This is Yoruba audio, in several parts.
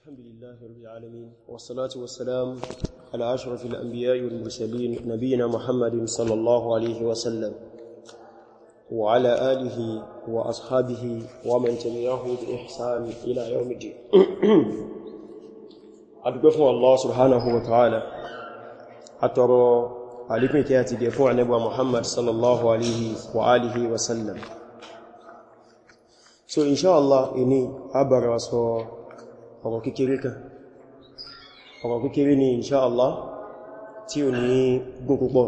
الحمد لله رب العالمين والصلاة والسلام على أشرف الأنبياء والمرسلين نبينا محمد صلى الله عليه وسلم وعلى آله وأصحابه ومن تبعه بإحسان إلى يوم الدين أدقفوا الله سبحانه وتعالى أترى عليكم كياتي دفوع نبوة محمد صلى الله عليه وآله وسلم So inshallah ini abara so ọ̀rọ̀ kékeré kan ọ̀rọ̀ kékeré ni insha Allah tí ò ní gùn púpọ̀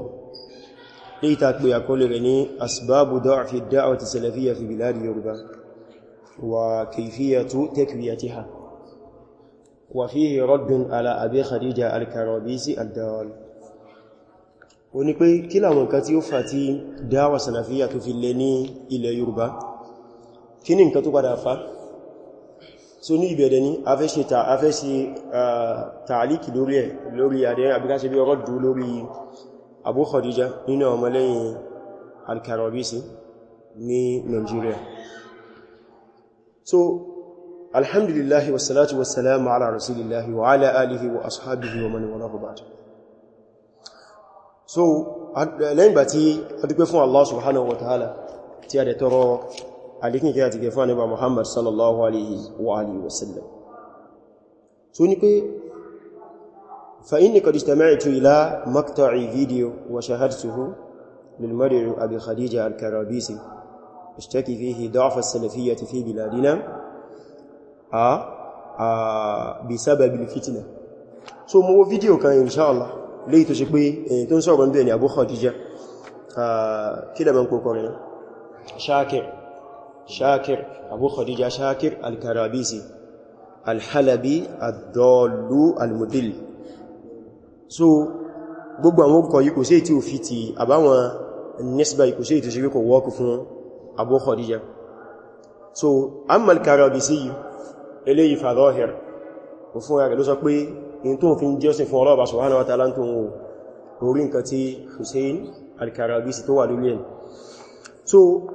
èyí ta pè àkọlẹ̀ rẹ̀ ní asbábù da'fi da'wati salafiyya fi biladi Yorùbá wa kayfiyatu takwiyatiha wa fihi raddun ala abi Khadija al-Karabisi ad-Dawal ó ní pé kí láwọn nǹkan tí ó fà tí dáwà salafiyya tó fi lé ní ilẹ̀ Yorùbá kí ni nǹkan tó padà fà so ní ìbẹ̀ẹ̀dẹ̀ ní afẹ́ ṣe tààlìkì lórí ẹ̀ lórí àdẹ́ àbíkáṣẹ́ bí ọkọ̀ dúó lórí Abu Khadija nínú ọmọlẹ́yìn al-Karabisi ní Nigeria so alhamdulillahi wasalatu wasalamu ala rasulillahi wa ala alihi wa ashabihi wa man wala hubata so lẹ́yìn bá tí a dúpẹ́ fún Allah subhanahu wa àdíkín kí a ti gẹ̀ fún àníbà Muhammad sallallahu alaihi wa alihi wasallam so ní pé fa inni qad ijtama'tu ila maqta'i video wa shahadtuhu lil mad'u abi khadija al-karabisi ishtaki fihi da'f as-salafiyyah fi biladina a a bi sabab al so mo wo video kan inshallah léyìí tó ṣe pé èyí tó ń sọ̀rọ̀ ń bẹ̀ẹ̀ ni abu khadija kí da ban kòkòrò shakir شاكر أبو خديجة شاكر الكرابيسي الحلبي الضال المدل so gbogbo àwọn orúkọ yìí kò sí tí ó fi ti àbáwọn nisba yìí kò sí tí ó ṣe wọ́kù fún Abu so amma al-Karabisi yìí eléyìí fàdọ́hìr kò fún ẹgbẹ̀ ló sọ pé in tó fi ń jẹ́sìn fún ọlọ́ọ̀bá subhanahu so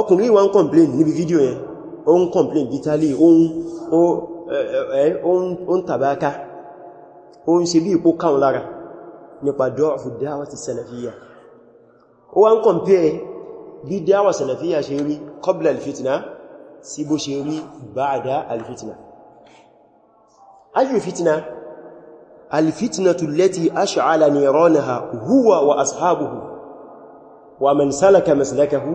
ọkùnrin wa ń complain níbi fídíò yẹn ó ń complain bitali ó ń tàbáká ó ń ṣe bí ipò káun lára nípa dọ́ọ̀fù dáwà ti sẹ̀lẹ̀fíyà ó wá ń compare dáwà sẹ̀lẹ̀fíyà ṣe rí kọbílà alfitina sí bó ṣe rí báadá alfitina alfitina alfitina tulleti ash'ala niranaha huwa wa ashabuhu wa man salaka maslakahu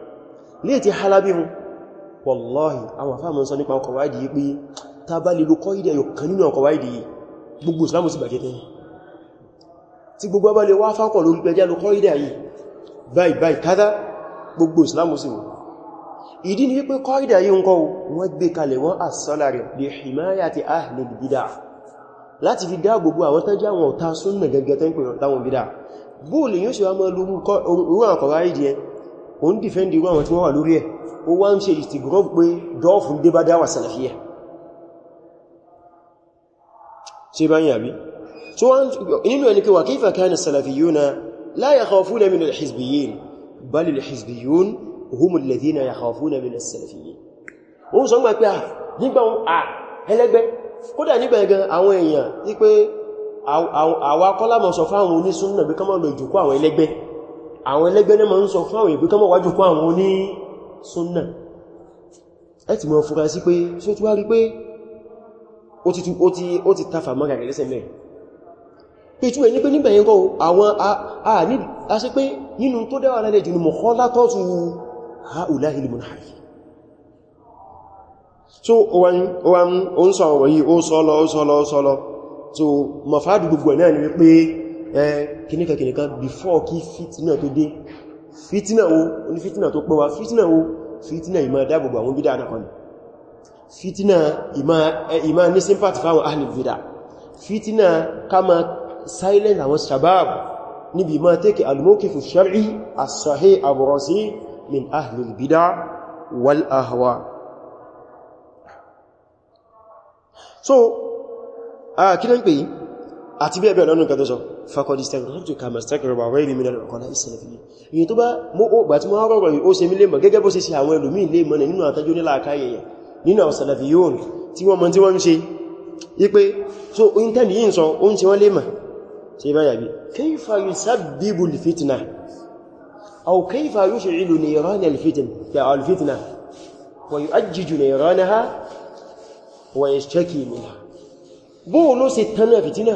lè ti halabi hun wallahi àwọn afáàmù sọ nípa ọkọ̀ wáìdì pé ta bá lè lókọ́ ìdẹ̀ yóò kan nínú ọkọ̀ wáìdì gbogbo islamu sì bàjẹ́ tẹ́yìn tí gbogbo bá lè wá fákọ̀ lórí pẹjá lókọ́ ìdẹ̀ yìí báyìí báyìí kádá gbogbo islamu sì wọ́n ìdí ni wípé kọ́ ìdẹ̀ yìí ń kọ́ wọ́n gbé kalẹ̀ wọ́n àsọ́lárẹ̀ lè himayati ahli bidà láti ó ń dìfẹ́ndì irú àwọn tí wọ́n wà lórí ẹ̀ ó wá ń ṣe ìstìgrọ́f pé dọ́ọ̀fún dé bá dáwà sàlàfíà ṣe bá yàbí so inú ẹni pé wà kayfa kana salafiyuna la yakhafuna min al-hizbiyyin bal al-hizbiyyun hum alladhina yakhafuna min as-salafiyyin ó ń sọ ń gbà pé ah, nígbà ah, àwọn èèyàn wípé àwa kọ́lámọ̀ sọ bí kọ́mọ̀ ìjòkó àwọn ẹlẹ́gbẹ́ àwọn ẹlẹ́gbẹ́ náà ń sọ fún àwọn ìgbé kọmọ̀ wájú kó àwọn oní súnnà ẹ ti mọ̀ fúra sí pé ṣe tí wá rí pé ó ti tafà mọ́ra rẹ̀ lẹ́sẹ̀ mẹ́rin pé tí wọ́n ní pé nígbẹ̀yìn kọ́ àwọn a ṣe pé nínú tó dáwà lálẹ́ jù ní mọ̀kọ́ látọ́tù ha ò láhìlì mọ̀ náà so wọ́n ń sọ ọ̀rọ̀ yìí ó sọ́lọ́ ó sọ́lọ́ ó sọ́lọ́ so mọ̀fádù gbogbo náà ni wípé kìníkà kìníkà before kí fìtínà tó dé fìtínà wo oní fìtínà tó pẹ́wà fìtínà wo fìtínà ìmá dáàbòbò àwọn bídá anákan fìtínà ìmá ní sympathy fáwọn ahli bídá fìtínà ká ma silent àwọn shabab níbi ma tẹ́kẹ̀ al-mawqif ash-shar'i as-sahih ar min ahli bídá wal ahwa so kí ló ń àti bí ẹbẹ̀ lọ́nà kẹtọ́sọ fakọdìstẹ̀gbọ́n kama stakirọba rẹ̀ rí mílẹ̀ ọ̀kọ̀lá ìsẹ̀lẹ̀fìyí èyí tó bá mọ́ ó gbà tí mọ́ rọ̀rọ̀ yìí ó ṣe mílẹ̀ mọ̀ gẹ́gẹ́ bó ṣe sí àwọn ẹlòmí ilé mọ́nà nínú àtàjò nílà àkáyẹyẹ nínú àwọn sàlàfíyóòn tí wọ́n mọ̀ tí wọ́n ń ṣe ipé so intan yìí ń sọ ó ń ṣe wọ́n lè mọ̀ ṣe bá yàbí kayfa yusabbibu al-fitna aw kayfa yush'ilu niran al-fitna wa yu'ajjiju niranaha wa yashtaki minha bóò ló ṣe tánà fìtínà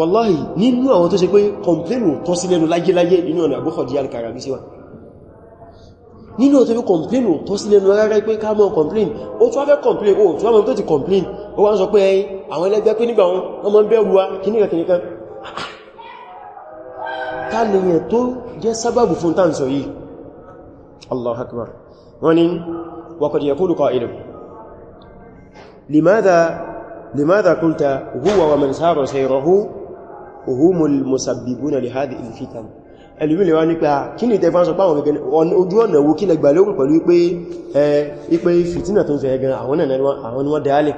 wàláhì nínú àwọn tó ṣe pé kọmplẹ́nù tọ́ sí lẹ́nu láyéláyé nínú ọ̀nà Abu Khadija al-Karabi sí wa nínú ọ̀tọ́ fi kọmplẹ́nù tọ́ sí lẹ́nu rárá pé ká mọ́ kọmplẹ́n ó tó fẹ́ kọmplẹ́n ó tó mọ́ tó ti kọmplẹ́n ó wá ń sọ pé ẹyìn àwọn ẹlẹ́gbẹ́ pé nígbà wọn wọ́n mọ́ bẹ̀rù wa kìnnìkan ta lè humul musabbibuna li hadhihi al-fitan ẹlùmí lè wá nípa ah, kí ní tẹfà sọ páwọn gẹ́gẹ́ ojú ọ̀nà wo kí lẹgbà lórí pẹ̀lú ipé fìtínà fitina ń fẹ́ gan àwọn ni wọ́n dáálẹ̀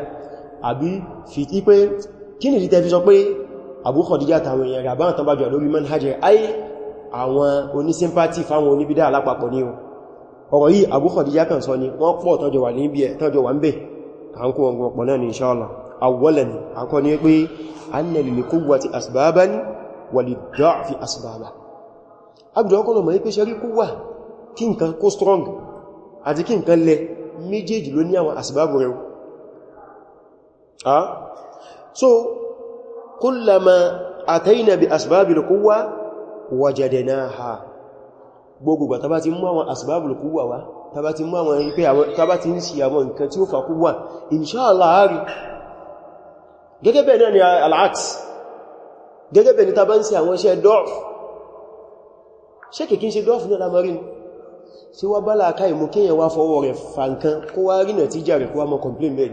àbí fìtí pé kí ní tẹfì sọ pé Abu Khadija tàwọn èèyàn rà báwọn tọ́bàjọ́ lórí manhajj ayé àwọn onísympathy fáwọn oníbídá alápapọ̀ ní ọ̀rọ̀ yìí Abu Khadija kan sọ ni wọ́n pọ̀ tọ́jọ wà ní ibi ẹ̀ tọ́jọ wà ń bẹ̀ kàńkù ọgbọ̀n pọ̀ náà ni inshallah awwalan akọ́ ni pé anna lil quwwati asbaban walid da'fi asbaba abdul ọkọ̀ lọ mọ̀ pé ṣe rí kúwà kí nǹkan kó strong àti kí nǹkan lẹ méjèèjì ló ní àwọn asbabu rẹ̀ so kullama atayna bi asbabil quwwa wajadnaha gbogbo gbà tàbá ti mú àwọn asbabul quwwa wá tàbá ti mú àwọn ipé tàbá ti ń sí àwọn nǹkan tí ó fà quwwa inṣáàlá àárí gẹ́gẹ́ bẹ̀ẹ̀ náà ni al'aks gẹ́gẹ́ bẹ̀ẹ̀ ni ta bá ń ṣe àwọn iṣẹ́ dọ́f ṣe kìkín ṣe dọ́f ní alamarin tí wá bá láàká ìmú kíyàn wá fọwọ́ rẹ̀ fankan kó wá rí tí jà rẹ̀ kó wá mọ́ complain bẹ́ẹ̀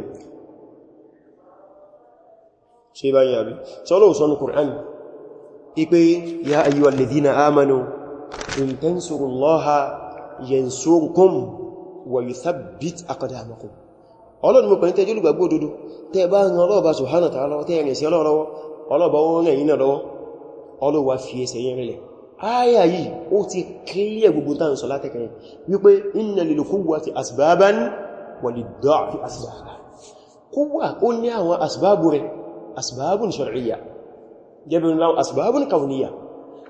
ọlọ́run mọ̀ pẹ̀lú tẹ́jú olùgbàgbọ́ òdodo tẹ́ bá ń ọlọ́ọ̀bá subhanahu wa ta'ala tẹ́ ẹ̀rìn sí ọlọ́ọ̀lọ́wọ́ ọlọ́ọ̀bá wọn rẹ̀ yínà lọ́wọ́ ọlọ́wà fi ẹsẹ̀ yẹn rẹ̀lẹ̀ áyà yìí ó ti kílẹ̀ gbogbo tán sọ látẹ̀kẹ̀ẹ́ wípé asbaban wa lid-da'fi asbaba quwwa ó ní àwọn asbábù rẹ̀ asbábùn shar'iyya gẹ́gẹ́ bí asbábùn kauniyya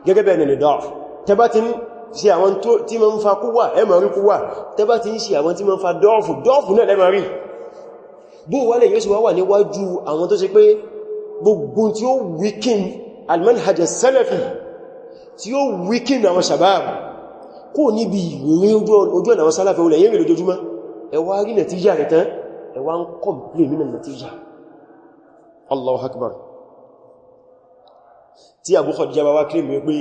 gẹ́gẹ́ bẹ̀rẹ̀ lè da'f tẹbá ti ṣe àwọn tí ma ń fa quwwa ẹ máa rí tẹbá ti ń ṣe àwọn tí ma ń fa da'fu da'fu náà lẹ́mọ̀ rí bó wálẹ̀ yóò sì wá wà níwájú àwọn tó ṣe pé gbogbo tí ó wíkín almanhajj salafi tí ó wíkín àwọn shabab kó níbi ìrìn ojú ọ̀nà àwọn sálàfẹ́ olè yìí lójoojúmọ́ ẹwà rí nàtíjà rẹ̀ tán ẹwà ń kọ̀m̀plé nínú nàtíjà Allahu akbar tí Abu Khadija bá wá kílè mú pé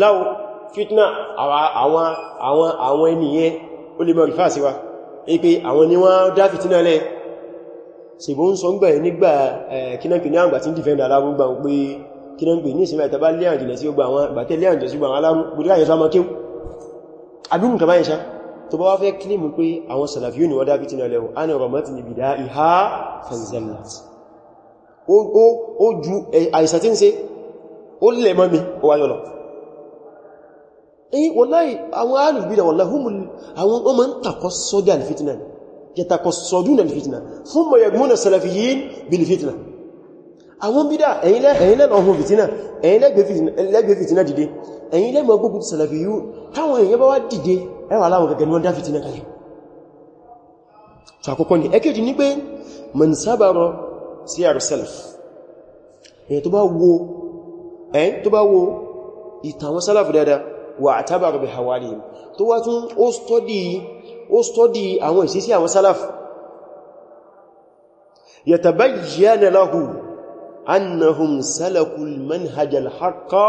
láwọ́ fitna àwọn ẹniyẹn ó lè mọ̀ rífà sí àwọn ni wọ́n dá fitina lẹ́ẹ̀ se bo n so ngba e nígbà kinanpe ni àgbà tin defend alamu gba pe kinanpe ni isinmi ta ba le anjile si gba àwọn gba te le anjile si gba àwọn alamu buri ayesu ama kewu abirun kan bayan sha tó bá wá fẹ́ claim pé àwọn salafiyu ni wada fitina lewo ana ramati ni bida iha fanzallat o o o ju aisatin se o le mo mi o wa yo lo eh wallahi àwọn alubida wallahi humul àwọn o man takos sodial fitna ni يتقصدون الفتنة ثم يجمون السلفيين بالفتنة àwọn bídá ẹ̀yin lẹ́nà ọmọ fìtínà ẹ̀yin lẹ́gbẹ̀ẹ́ fìtínà dìde ẹ̀yin lẹ́mọ̀ gbogbo sàlàfí yíò táwọn èèyàn bá wá dìde ẹwà aláwọn gẹ̀gẹ̀ ní wọ́n dá fìtínà kalẹ̀ tó àkọ́kọ́ ni ẹkẹ́jì ní pé mọ̀n sábàrọ sí àrùsẹ́lẹ̀f èyàn tó bá wo ìtàwọn sálàfù dáadáa wà ó stọ́dí àwọn ìṣesí àwọn salaf yatabayyana lahu annahum salakul manhajal haqqa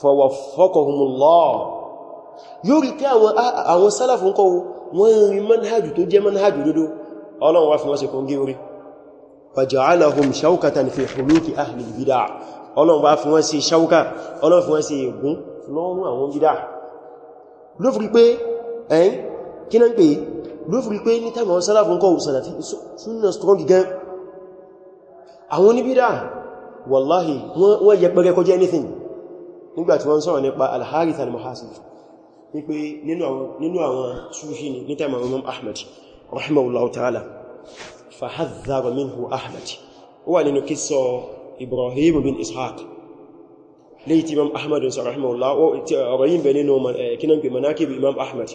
fawaffaqahumullah yóò rí pé àwọn salaf ń kọ́ wọ́n rí manhajù tó jẹ́ manhajù dúdú ọlọ́run wá fi wọ́n ṣe kọ́ gí orí wọ́n ṣe ègún lọ́rún àwọn bid'ah ló fi pé ẹ̀yìn kí náà ń pè ló fi pé ní tàbí àwọn sálàfún kọ́ sàlàfí súnà strong gan àwọn oníbídà wàláhì wọ́n yẹ pẹ́rẹ kọjá anything nígbàtí wọ́n sọ̀rọ̀ nípa al-Harith al-Muhasib wípé nínú àwọn Sufi ni ní tàbí léyìí tí imam ahmad sọ rahimahullah ọ̀rọ̀ yìí bẹ̀ nínú eh, kínan pè manakib imam ahmad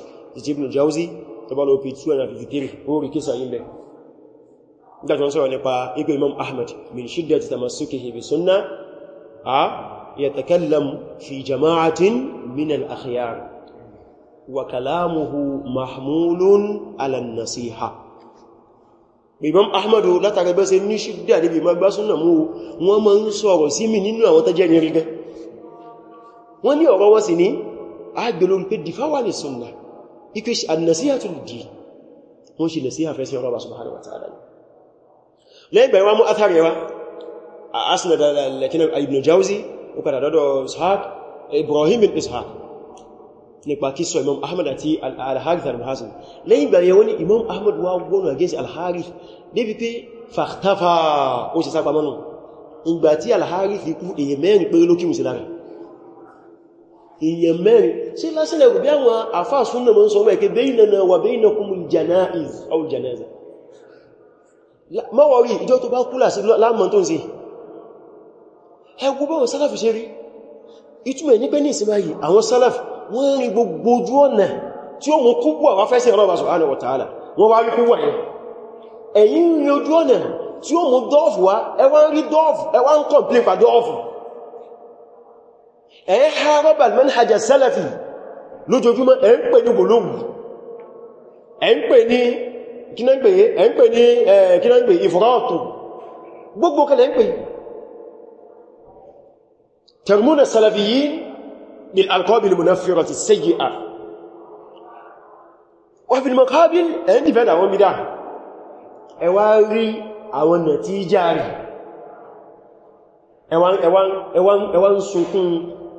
ti ibn jauzi tó bá lọ pí 253 orí kísà yìí bẹ̀ gbájọ́ sọ̀rọ̀ nípa ipé imam ahmad min shiddati tamassukihi bi sunna a yatakallam fi jama'atin min al-akhyar wa kalamuhu mahmulun ala an-nasiha imam ahmad látàrí bẹ́sẹ̀ ní ṣídà níbi magbásúnnà mú wọn ma ń sọ̀rọ̀ sí mi nínú àwọn tẹ́jẹ́ ní wọ́n ní ọ̀rọ̀ wọn sì ní agbèlórí pé dìfáwà ní sunna ikú annasihatu lid-din wọ́n ṣe nasiha fẹ́ sí ọ̀rọ̀ bá subhanahu wa ta'ala lẹ́yìn bẹ̀rẹ̀ wọ́n mú athari wa a asina da lakina ibn ìgbà tí al-harith ikú èyẹ mẹ́rin pé lókìmù sí èèyàn mẹ́rin ṣe lásìlẹ̀ kò bí àwọn àfáà súnnà mọ́ sọ mẹ́ẹ̀kẹ́ baynana wa baynakumul janaiz aw janaza mọ́wọ̀ rí ìjọ tó bá kúlà sí láàmọ́ tó ń ṣe ẹgbú báwọn sálàfì ṣe rí ìtumẹ̀ ní pé ní ìsinmáyì àwọn sálàfì wọ́n rí gbogbo ojú ọ̀nà tí ẹwà ń rí dọ́ọ̀fù ẹwà ń kọ̀m̀plé pa dọ́ọ̀fù ẹ̀ harab al-manhaj as-salafi lójoojúmọ́ ẹ̀ ń pè ní gbòlóògùn ẹ̀ ń pè ní kínàgbè ẹ̀ ń pè ní kínàgbè ìfọ́rọ̀tù gbogbo kẹlẹ̀ ń pè termuna salafiyyin bil alqabil munaffirati sayyi'a wa fil maqabil ẹ̀ sunkún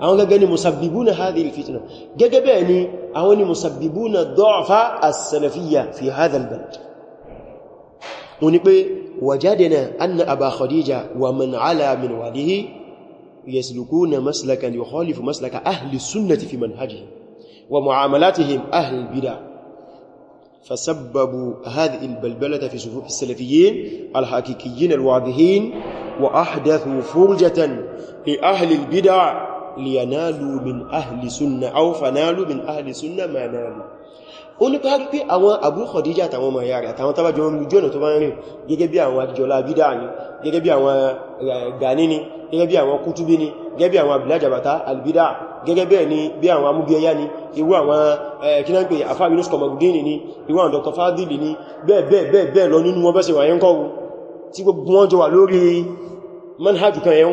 àwọn gẹ́gẹ́ ni musabbibuna hadhihi alfitna gẹ́gẹ́ bẹ́ẹ̀ ni àwọn ni musabbibuna dha'fa as-salafiyya fi hadha albalad balad pé wajadna anna aba khadija wa man ala min walihi yaslukuna maslakan yukhalifu maslaka ahli sunnati fi manhajihi wa mu'amalatihim ahli al-bid'ah فسببوا هذه البلبلة في صفوف السلفيين الحقيقيين الواضحين وأحدثوا فرجة لأهل البدع liyanalu min ahli sunna aw fanalu min ahli sunna ma nalu ó ní pé pé àwọn Abu Khadija àtàwọn ọmọ ìyá rẹ̀ àtàwọn tàbí jọ mú jọ́nà tó bá ń rìn gẹ́gẹ́ bí àwọn àjọlá bídá ni gẹ́gẹ́ bí àwọn Gani ni gẹ́gẹ́ bí àwọn Kutubi ni gẹ́gẹ́ bí àwọn abìlájàbàtá albídá gẹ́gẹ́ bẹ́ẹ̀ ni bí àwọn amúbíẹyá ni irú àwọn kínáńpé afá Yunus Kọmọgudini ni irú àwọn Dr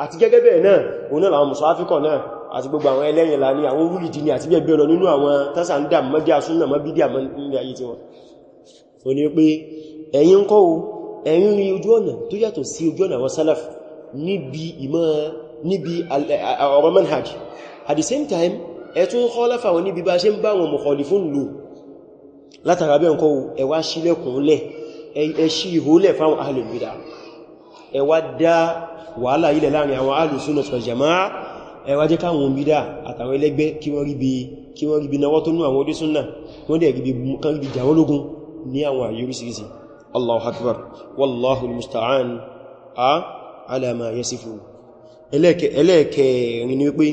àti gẹ́gẹ́ bẹ́ẹ̀ náà òun àwọn mùsùláfíkọ̀ náà àti gbogbo àwọn ẹlẹ́yìn la ní àwọn wúrìdì ní àti bẹ́ẹ̀ bẹ́ẹ̀ lọ nínú àwọn tásà ń dà mọ́dí asúnnà mọ́ bídí àmọ́ ní ayé tí wọ́n o ní pé ẹ̀yin ń kọ́ o ẹ̀yin rí ojú ọ̀nà tó yàtọ̀ sí ojú ọ̀nà àwọn salaf níbi same time ẹ tún kọ́ láfà wọn níbi bá ṣe ń bá wọn mukhalifun lò látara bẹ́ẹ̀ ń kọ́ o ẹ wá sílẹ̀kùn lẹ̀ dá wàhálà ilẹ̀ láàrin àwọn alùsùnà wal jamaa ẹ wá jẹ́ káwọn bídá àtàwọn ẹlẹ́gbẹ́ kí wọ́n rí bí náwọ́ tó ní àwọn odé súnnà wọ́n dẹ̀ kan rí bí jàwọ́lógún ní àwọn àyírísìírísì allahu akbar wallahu musta'an a ala ma yasifun ẹlẹ́ẹ̀kẹrin ni wípé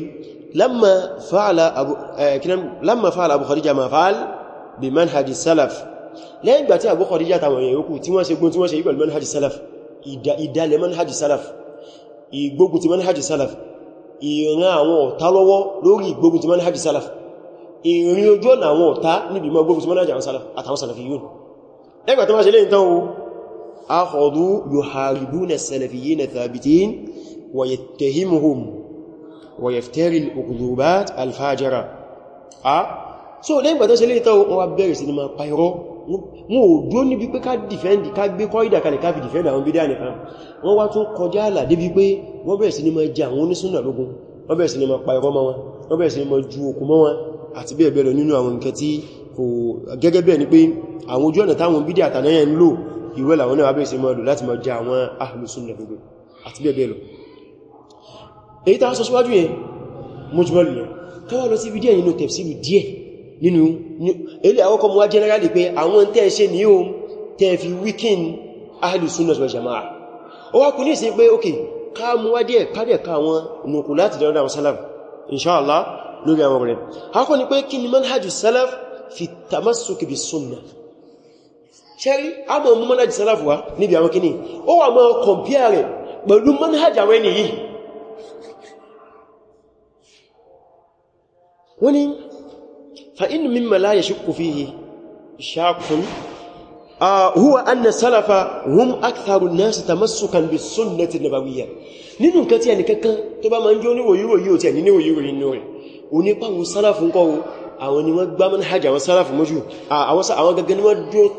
lamma fa'ala abu khadija ma fa'al bi manhaji salaf lẹ́yìn gbà tí abu khadija tàwọn èèyàn yòókù tí wọ́n ṣe gún tí wọ́n ṣe yí pẹ̀lú manhaji salaf ìgbógun ti manhajì salaf ìran àwọn ọ̀tá lọ́wọ́ lórí ìgbógun ti manhajì salaf ìrìn ojú ọ̀nà àwọn ọ̀tá níbi mọ́ gbógun ti manhajì àwọn salaf àtàwọn salafiyun ẹgbà tó wọn ò dúó níbi pé ká defend ká gbé kọ́ìdà kalẹ̀ ká fi defend àwọn bídá nìkan wọ́n wá tún kọjá àlà débi pé wọ́n bẹ̀rẹ̀ sí ni máa jẹ àwọn onísúnnà lógún wọ́n bẹ̀rẹ̀ sí ni máa pa irọ́ mọ́ wọn wọ́n bẹ̀rẹ̀ sí ni máa ju okùn mọ́ wọn àti bẹ́ẹ̀ bẹ́ẹ̀ lọ nínú àwọn nǹkan tí kò gẹ́gẹ́ bẹ́ẹ̀ ni pé àwọn ojú ọ̀nà táwọn bídí àtànáyà ń lò ìwé làwọn náà bẹ̀rẹ̀ sí máa lò láti máa jẹ àwọn ahlùsúnnà gbogbo àti bẹ́ẹ̀ bẹ́ẹ̀ lọ èyí a sọ síwájú yẹn mọ́júmọ́lù yẹn káwà lọ sí nínú ilé àwọ́kọ́ mú wá generally pé àwọn tẹ́ ṣe ní o tẹ́ fi weekend ahlus sunnah wal jama'a ó wá kú ní ìsìn pé okay ká mú wá díẹ̀ kádẹ̀ ká àwọn nùkù láti dẹ̀rọ̀dà àwọn salaf inshallah lórí àwọn rẹ̀ akọ́ ni pé kí ni manhajus salaf fi tamassuki bis sunnah ṣẹ́rí àmọ̀ mú manhajus salaf wá níbi àwọn kíní ó wà mọ́ compare rẹ̀ pẹ̀lú manhaj àwọn ẹni yìí wọ́n ni فإن مما لا يشك فيه شاك آه هو أن السلف هم أكثر الناس تمسكا بالسنة النبوية nínú nǹkan tí ẹnìkankan tó bá máa ń jẹ́ oníwòyíwòyí ò tí ẹni níwòyíwò nínú rẹ̀ onípa àwọn sálàfù ń kọ́wọ́ àwọn ni wọ́n gbá mọ́ hajj àwọn sálàfù mọ́jú àwọn gẹ́gẹ́ ni wọ́n dúró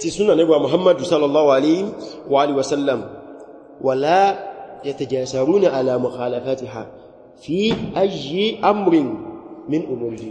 ti súnà nígbà muhammadu sallallahu alaihi wasallam wala yatajasaruna ala mukhalafatiha fi ayyi amrin min umuri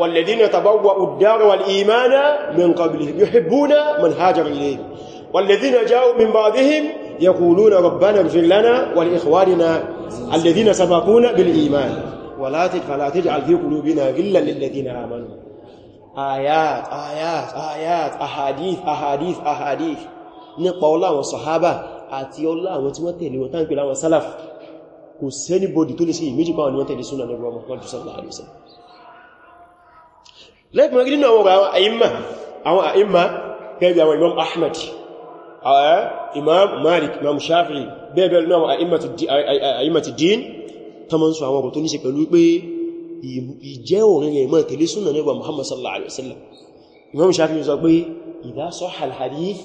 والذين تبوا الدار والإيمان من قبلهم يحبون من هاجر إليهم والذين جاءوا من بعضهم يقولون ربنا اغفر لنا ولإخواننا الذين سبقونا بالإيمان ولا تجعل في قلوبنا غلا للذين آمنوا آيات آيات آيات أحاديث أحاديث أحاديث نقول الله àwọn آتي الله ọlá وتنقل tí wọ́n tẹ̀lé wọn tán pẹ̀lú àwọn sálàf سنة نبوة محمد صلى الله عليه وسلم lẹ́fìmọ̀ rí nínú àwọn àwọn àìmà àwọn àìmà gẹ́gẹ́ àwọn imam ahmad eh, imam malik imam shafi'i bẹ́ẹ̀bẹ̀ nínú àwọn àìmà ti dín tó mọ́ sọ àwọn ọ̀rọ̀ tó ní ṣe pẹ̀lú pé ìjẹ́ òrin rẹ̀ mọ́ tẹ̀lé súnà nígbà muhammad sallallahu alaihi wasallam imam shafi'i sọ pé idha sahha al-hadith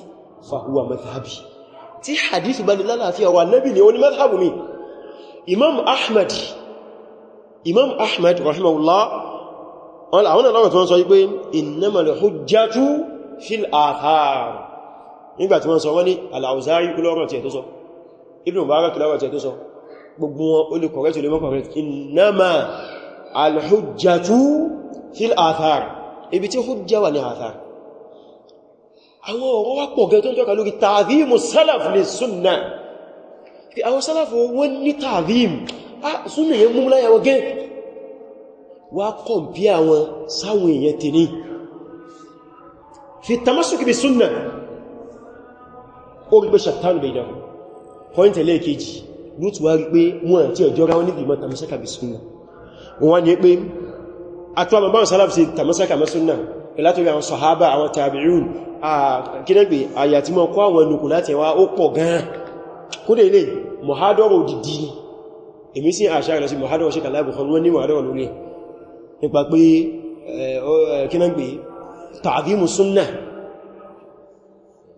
fa huwa madhhabi tí hadith bá ní lálàáfíà wà imam ahmad rahimahullah àwọn ọlọ́rọ̀ tí wọ́n sọ wípé innamal hujjatu fil athar nígbàtí wọ́n sọ wọ́n ní al-Awza'i kúlọ́rọ̀ tí ẹ̀ tó sọ Ibn Mubarak kúlọ́rọ̀ tí ẹ̀ tó sọ gbogbo wọn ó lè kọ̀rẹ́tì lè mọ́ kọ̀rẹ́tì innamal hujjatu fil athar ibi tí hujja wà ní athar àwọn ọ̀rọ̀ wọ́n ní ta'dhim ah sunna yẹn mú láyàwó gẹ́ wá kọ̀mpíà wọn sáwọn èèyàn tè ní fi tamassuki bi súnnà ó rí pé ṣàtánù bẹ̀ ìdáhùn pọ́ìntì lẹ́ẹ̀kejì ló ti wá rí pé wọ́n àti ọjọ́ ra wọn níbi mọ́ tamasaka bi súnnà wọ́n ni pé àtọ́ àmàbá sálàf sí tamasaka bi súnnà ìlátorí àwọn sọ̀hábà àwọn tàbíyún kídẹ́gbẹ̀ àyà ṣe kàlábù kan wọ́n ní mọ̀hádọ́rọ̀ nípa pé kíná gbé tààdímù súnnà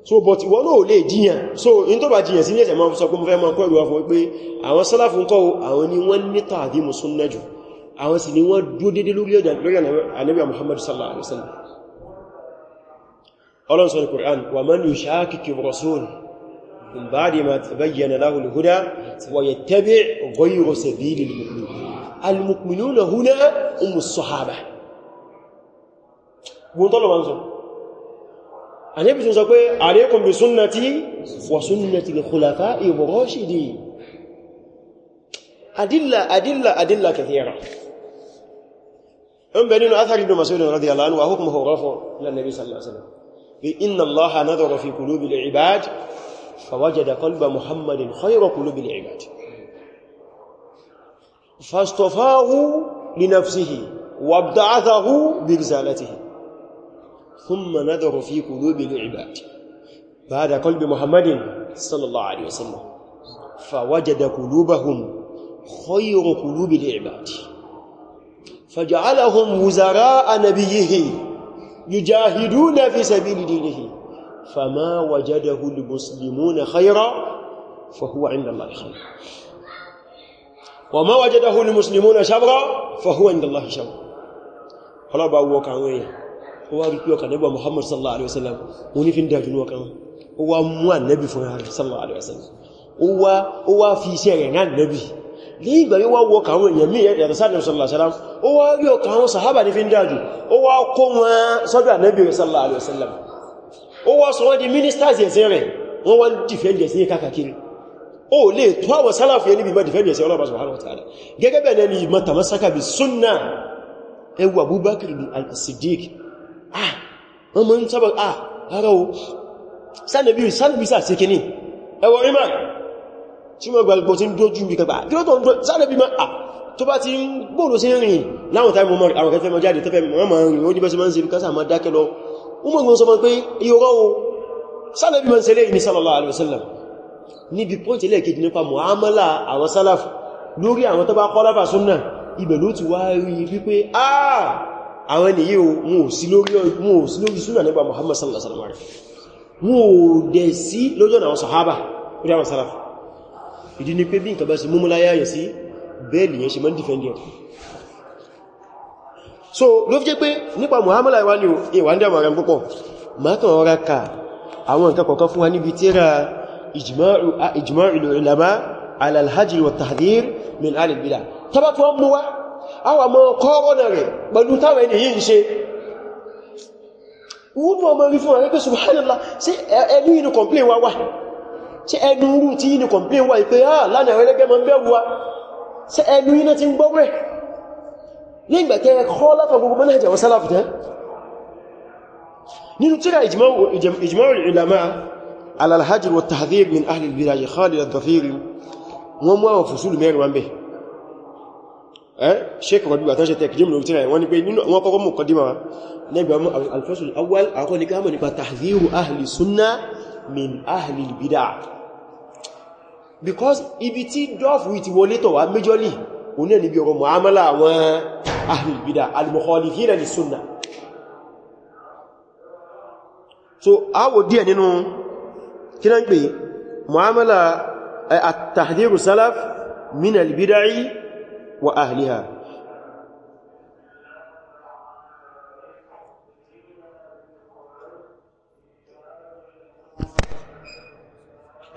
so but wọ́n náà lè jíyàn so in tó bá jíyàn sí ní ẹ̀sẹ̀ máa sọ pé mo fẹ́ máa kọ́rù wọn fún pé àwọn sálàfún kọ́ àwọn ni wọ́n ní tààdímù súnnà jù àwọn sì ni wọ́n dúó dédé lórí ọjà lórí ànábì Muhammad sallallahu alaihi wasallam ọlọ́run sọ ní Qur'an wa man المؤمنون هنا هم الصحابة gbọ́ntọ́lọ̀ wọn sọ àníbi عليكم بسنتي وسنة الخلفاء الراشدين أدلة أدلة أدلة كثيرة أم بنين أثر ابن مسعود رضي الله عنه هو رفع للنبي صلى الله عليه وسلم بإن الله نظر في قلوب العباد فوجد قلب محمد خير قلوب العباد فاصطفاه لنفسه وابتعثه برسالته ثم نذر في قلوب العباد بعد قلب محمد صلى الله عليه وسلم فوجد قلوبهم خير قلوب العباد فجعلهم وزراء نبيه يجاهدون في سبيل دينه فما وجده المسلمون خيرا فهو عند الله خير وما وجده المسلمون شبرا فهو عند الله شبر ọlọ́ bá wọ́ kàwọn èèyàn ó wá rí pé ọkà nẹ́bà Muhammad sallallahu alaihi wasallam ó ní fi ń dájú ní ọkàn ó wá mú ànẹ́bì fún ààrẹ sallallahu alaihi wasallam ó wá fi iṣẹ́ rẹ̀ rán nẹ́bì ní ìgbà yóò wá wọ́ kàwọn èèyàn mí yàtọ̀ ó lè tún àwọn sálàfí ẹni bí mọ́ dìfẹ́ ìyẹsẹ̀ ọlọ́bàá subhanahu wa ta'ala gẹ́gẹ́ bẹ̀rẹ̀ ni mọ́ tàmásákà bí súnnà ẹwà Abubakar ni al-Siddiq ah wọ́n mọ́ ń sábà ah ara o sánàbí sánàbísà sí kìíní ẹwà Umar tí wọ́n gbàgbọ́ tí ń dójú bí kẹgbà kí ló tó ń dó sánàbí ma ah tó bá ti ń gbòòrò sí rìn láwọn táìmù mọ́ àwọn kẹfẹ́ mọ́ jáde tẹ́fẹ́ mọ́ rìn ó díbẹ́ sí níbi pọ́ntì ẹlẹ́ẹ̀kejì nípa mọ̀hámọ́lá àwọn sálàfù lórí àwọn tó bá kọ́láfà súnnà ibẹ̀ ló ti wá rí wípé ah, àwọn ènìyí wọn ò sí lórí súnnà nípa Muhammad sallallahu alaihi wasallam wọn ò dẹ̀ sí lọ́jọ́ àwọn sàhábà lórí àwọn sálàfù ìdí ni pé bí nǹkan bá sí múmú láyáyẹ sí bẹ́ẹ̀lì yẹn ṣe mọ́ dìfẹ́ndì so ló fi jẹ́ pé nípa Muhammad láìwá ni ìwà ń dẹ̀ mọ̀ rẹ̀ púpọ̀ mákàn ọ̀rá ka àwọn nǹkan kọ̀ọ̀kan fún wa níbi tíra ijma'ul ulama ala al-hajr wa at-tahdhir min ahli al-bid'ah tàbá tó mú wá àwọn ọmọ kọ́rọ̀nà rẹ̀ pẹ̀lú táwọn ẹni yìí ń ṣe wúnú ọmọ rí fún ẹgbẹ́ subhanallah sí ẹnu inú kọ̀mplé wa wá sí ẹnu rú tí inú kọ̀mplé wa ìpé àà ah, lánàá ẹlẹ́gẹ́ mọ́ على الهجر والتهذيب من أهل البلاج خالد الضفيري wọ́n mú àwọn fòsúlù mẹ́rin wọ́n bẹ̀ ẹ́ ṣékọ̀ wọ́n bí wàtán ṣe tẹ́kì jímù lórí tíra wọ́n ni pé nínú wọ́n kọ́kọ́ mú kọdíma nẹ́gbàmú alfasul awwal àkọ́ ní káàmù nípa tahdhiru ahli sunna min ahli bid'ah because ibi tí dọ́fù ti wọlé tọ̀ wá méjọ́lì oní ẹni bí ọ̀rọ̀ mu'amala àwọn ahli bid'ah al-mukhalifina so a wò díẹ̀ nínú kí náà ń pè mu'amala eh, at-tahdhiru salaf min al-bid'i wa ahliha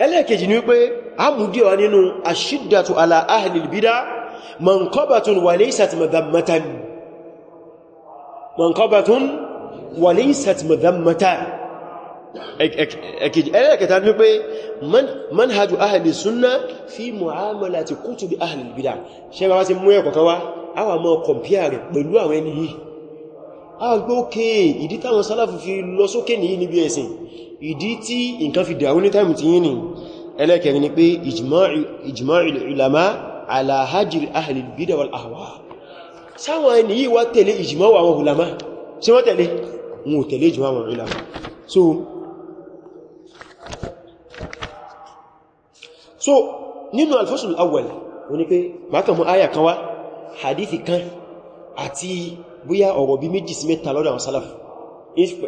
ẹlẹ́ẹ̀kejì ni wípé a mú díẹ̀ wá nínú aṣídàtù ala ahli al-bid'a manqabatun wa laysat madhammatan manqabatun wa laysat madhammatan ẹ̀kejì ẹlẹ́ẹ̀kẹta ní pé manhajjú ahìlì súnná fi mọ̀hámàlá ti kútù bí ahìlì bídá ṣe bá wá sí mú ẹ̀kọ̀ kan wá àwa mọ́ kọmpíà rẹ̀ pẹ̀lú àwọn ẹni yìí àwa gbé ókè ìdí táwọn sálàfù fi lọ sókè nìyí níbi ẹ̀sìn ìdí tí nǹkan fi dàrú ní táìmù ti yìí ni ẹlẹ́ẹ̀kẹrin tẹ̀lé ijma'u wọn ò so so nínú alfasul awwal ó ní pé makamu aya kan wá hadithi kan àti bóyá ọ̀rọ̀ bí méjì sí mẹ́ta lọ́dọ̀ àwọn salaf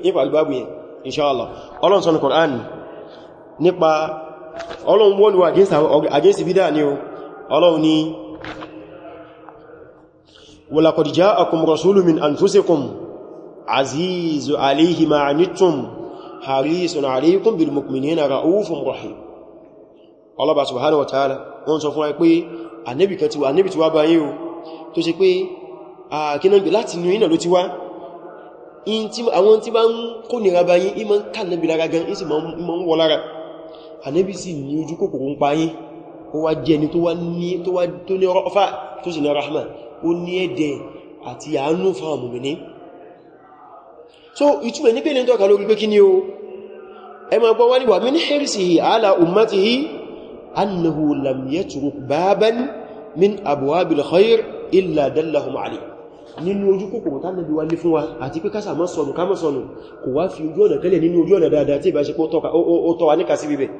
nípa albabu yẹn inṣáàlá ọlọ́run sọ́nà kọ̀rán nípa ọlọ́run wọ́n wà agẹ́sì bídá ní ọlọ́run ni walaqad ja'akum rasulun min anfusikum azizu alayhi ma harisun alaykum bil mu'minina ra'ufun rahim ọlọ́bà subhanahu wa ta'ala wọ́n sọ fún ẹ pé ànábì kan ti wà ànábì ti wá báyé o tó ṣe pé àkínàgbè láti inú iná ló ti wá àwọn tí bá ń kó nìra báyé ìmọ̀ ń kànàbì lára gan ìsì ma ń wọ lára ànábì sì ní ojú kòkòrò ń payé ó wá jẹ́ ni tó wá ní ọfà tó sì ní rahma ó so ìtumẹ̀ ní pé ní tọ́ka lórí pé kí ni o ẹ ma gbọ́ wá ní wà mí annahu lam yatruk baban min abwabil khair illa dallahum alayh nínú ojú kòkòrò tá nàbí wá lé fún wa àti pé kásà má sọnù ká má sọnù kò wá fi ojú ọ̀nà kẹlẹ̀ nínú ojú ọ̀nà dáadáa tí ìbáṣepọ̀ ó tọ́ wa ní kàsí bíbẹ̀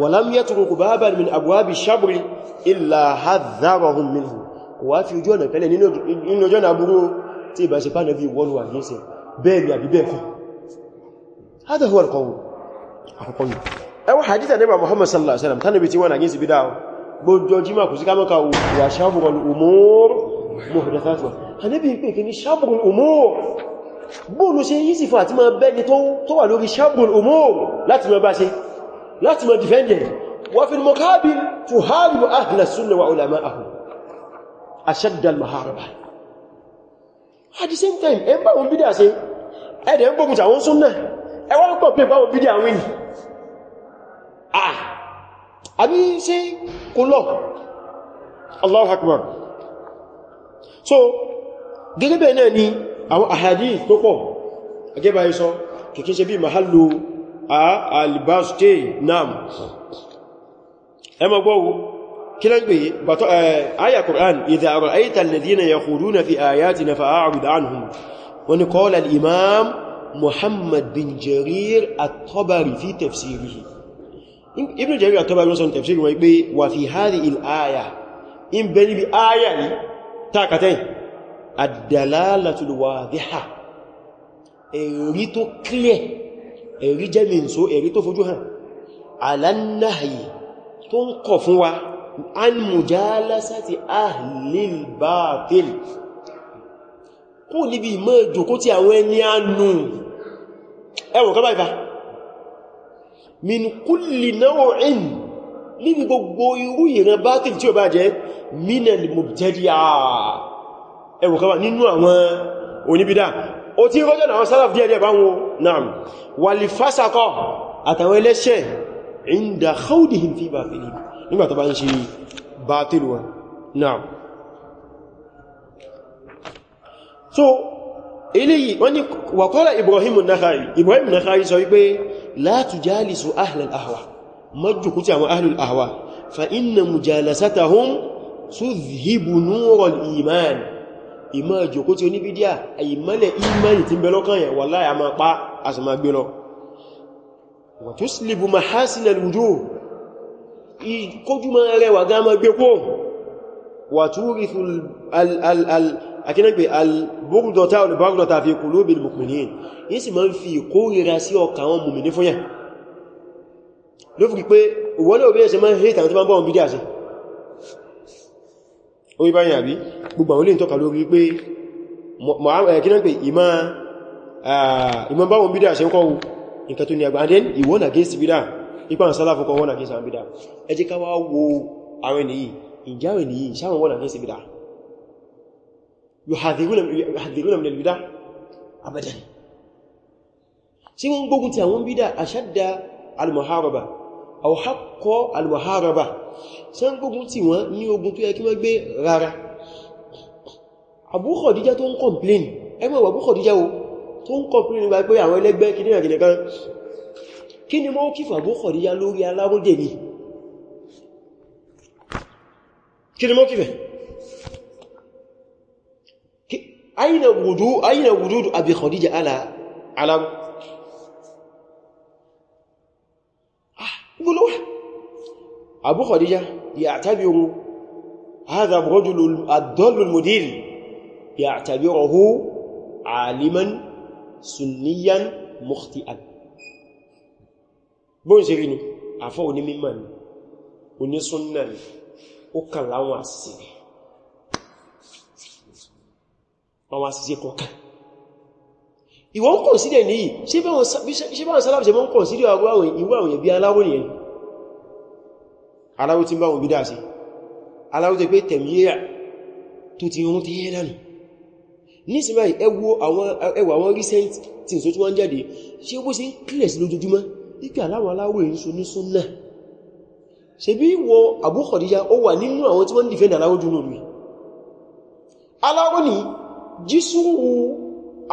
wa lam yatruku baban min abwabi shabri illa hadharahum minhu kò wá fi ojú ọ̀nà kẹlẹ̀ nínú ojú ọ̀nà aburú tí ìbáṣepọ̀ nàbí wọnú àgbẹ́sẹ̀ bẹ́ẹ̀ ni àbí bẹ́ẹ̀ fún ẹwọ́ hadith anẹ́bà Muhammad sallallahu alaihi wasallam tánàbí tí wọ́n àgínsì bídá gbójọ jíma kò sí ká mọ́ka wà ṣàbùrùn umur muhdathatuha anẹ́bí ń pè kí ní ṣàbùrùn umur bóòlù ṣe yí sí fún àti máa bẹ́ni tó wà lórí ṣàbùrùn umur láti máa bá ṣe láti máa dìfẹ́ndẹ̀ wà fi mọ́kábí tó hálù ahla sunna wa ulama ahu ẹ̀dẹ̀ ń gbógun tàwọn sunna ẹwọ́n pọ̀ pé báwọn bídá wíni ah àbí ṣe kò lọ Allahu Akbar so gẹ́gẹ́ bẹ̀rẹ̀ náà ni àwọn ahadith tó pọ̀ agẹ́bà yìí sọ kìkí ṣe bí mahallu albaste nam ẹmọ gbọ́wọ́ kí lọ gbé bàtọ́ àyà Qur'an idha ra'aita alladhina yakhuduna fi ayatina fa'a'rid anhum wani qala al-imam Muhammad bin Jarir at-Tabari fi tafsirihi Ibn Jarir àtọ́bà lọ́sọ̀ ní tafsir wọ́n pé wà fi hadhihi al-aya in bẹ níbi aya ní tàkàtẹ́ ad-dalalatul wadhiha ẹ̀rí tó clear ẹ̀rí jẹ́mìn so ẹ̀rí tó fojú hàn ala an tó ń kọ̀ fún wa an mujalasati ahlil batil kó níbi ìmọ̀ ìjòkó tí àwọn ẹni ànú ẹwọ̀n kọ́ báyìí min kulli naw'in níbi gbogbo irú ìran bátil tí ó bá jẹ́ minal mubtadi'a ẹwọ̀ kọwa nínú àwọn oníbídá o tí rọ́jọ́ àwọn salaf díẹ̀díẹ̀ bá wọn náà wàlì fásakọ́ àtàwọn ẹlẹ́ṣẹ̀ inda khawdihim fi bátil nígbà tó bá ń ṣe bátil wọn so eléyìí wọ́n ni wàkọ́lá Ibrahim Nakhai Ibrahim Nakhai sọ wípé la tujalisu ahlal ahwa mọ́jùkú tí àwọn ahlul ahwa fa inna mujalasatahum tudhhibu nural iman ìmọ̀ ìjòkó tí ó ní bídíà àìmọ́lẹ̀ imani tí ń bẹ lọ́kàn yẹn wallahi a máa pa a sì máa gbé lọ wa tuslibu mahasinal wujuh ìkójúmọ́ rẹwà gá máa gbé kó wa turithu al al al akínàgbé albúrúdọ̀tá olùbárúdọ̀tá fi kò lóbi mùkùnrin yìí sì máa ń fi ìkórira sí ọkà àwọn mùmìnì fún yà ló fi pé wọ́lẹ̀ òbí ẹ̀ṣẹ́ máa ń hẹ́ta tó máa bọ́ bídíà sí orí báyìí àbí gbogbo àwọn olè tọ́ka pé eh, akínàgbé ìmọ̀ against bídà ipa ń sálà fún against bídà ẹ jẹ́ ká wá wo àwọn ènìyàn against bídà yuhadhiruna min al-bid'a abadan ṣé wọ́n gbógun ti àwọn bid'a ashadda al-muharaba aw haqqa al-muharaba ṣé wọ́n gbógun ti wọ́n ní ogun tó yẹ kí wọ́n gbé rárá Abu Khadija tó ń complain ẹgbẹ́ Abu Khadija o tó ń complain nígbà pé àwọn ẹlẹ́gbẹ́ kí nínú àgìnà kan kí ni mọ́ kí Abu Khadija lórí aláwọ́dẹ̀ ni kí ni mọ́ kífẹ̀ẹ́ أين وجود أين وجود أبي خديجة على أه، على قولوا أه، أبو خديجة يعتبر هذا الرجل الضل المدير يعتبره عالما سنيا مخطئا بون سيرينو ni mímọ̀ ni onísúnnà ni wọ́n wá sí sí kọ̀ọ̀kan ìwọ́n kọ̀ sílẹ̀ ní yìí ṣe báwọn sálàbì ṣe mọ́ kọ̀ sílẹ̀ ìwọ́ àwọn ẹ̀bí aláwò ní ẹni aláwò tí báwọn bídá sí aláwò tẹ́ pé tẹ̀míyà tó ti rún ti yẹ́ lánà nísìnbà ẹwọ àwọn recent things tó tí wọ́n jáde ṣe bó ṣe ń kílẹ̀ sí lójoojúmọ́ ikú aláwọ̀ aláwò èyí so ní súnnà ṣe bí wọ Abu Khadija ó wà nínú àwọn tí wọ́n dìfẹ́ aláwò jù lórí aláwò nìí jísúrù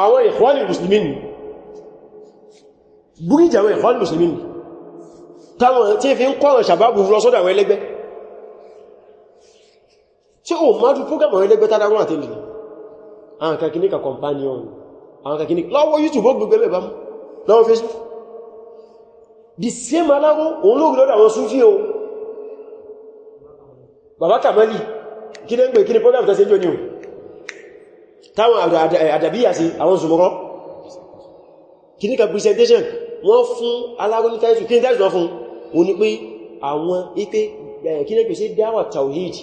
àwọn ìkwọ́nì muslimin búríjì àwọn ìkwọ́nì muslimin táwọn tí fi ń kọ́rọ̀ sàbábù lọ sọ́dọ̀ àwọn ẹlẹ́gbẹ́ tí ó májú púgàmù àwọn ẹlẹ́gbẹ́ tàbí àwọn àtẹ́lẹ̀ àwọn kàkíníkà companion àwọn kàkíníkà lọ́wọ́ youtube gbogbo ẹgbẹ́ bá mú lọ́wọ́ facebook the same aláwọ̀ òun lórí lọ́dọ̀ àwọn súnfí o bàbá kàmálì kí ní ń pè kí ní program tàṣẹ́jọ́ ni o táwọn àdàbíyà sí àwọn zùmọ́rọ́ kìníkà presentation wọ́n fún aláróní táìsù kí ní táìsù wọ́n fún o ní pé àwọn ipé kìníkà sí dáwà tawhid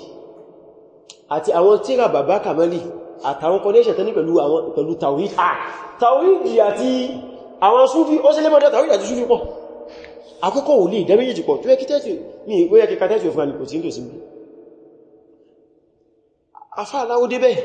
àti àwọn tíra bàbá kamali àtàwọn connection tẹ́ní pẹ̀lú tawhid tawhid àti àwọn súfí ó sí lẹ́mọ́dá tawhid àti súfí pọ̀ akọ́kọ́ ò lè ìdáméjì pọ̀ tó yẹ kí tẹ́sù ní ìwé yẹ kí kàtẹ́sù fún àmì kò sí ń tò sí afá aláwọ́dé bẹ́ẹ̀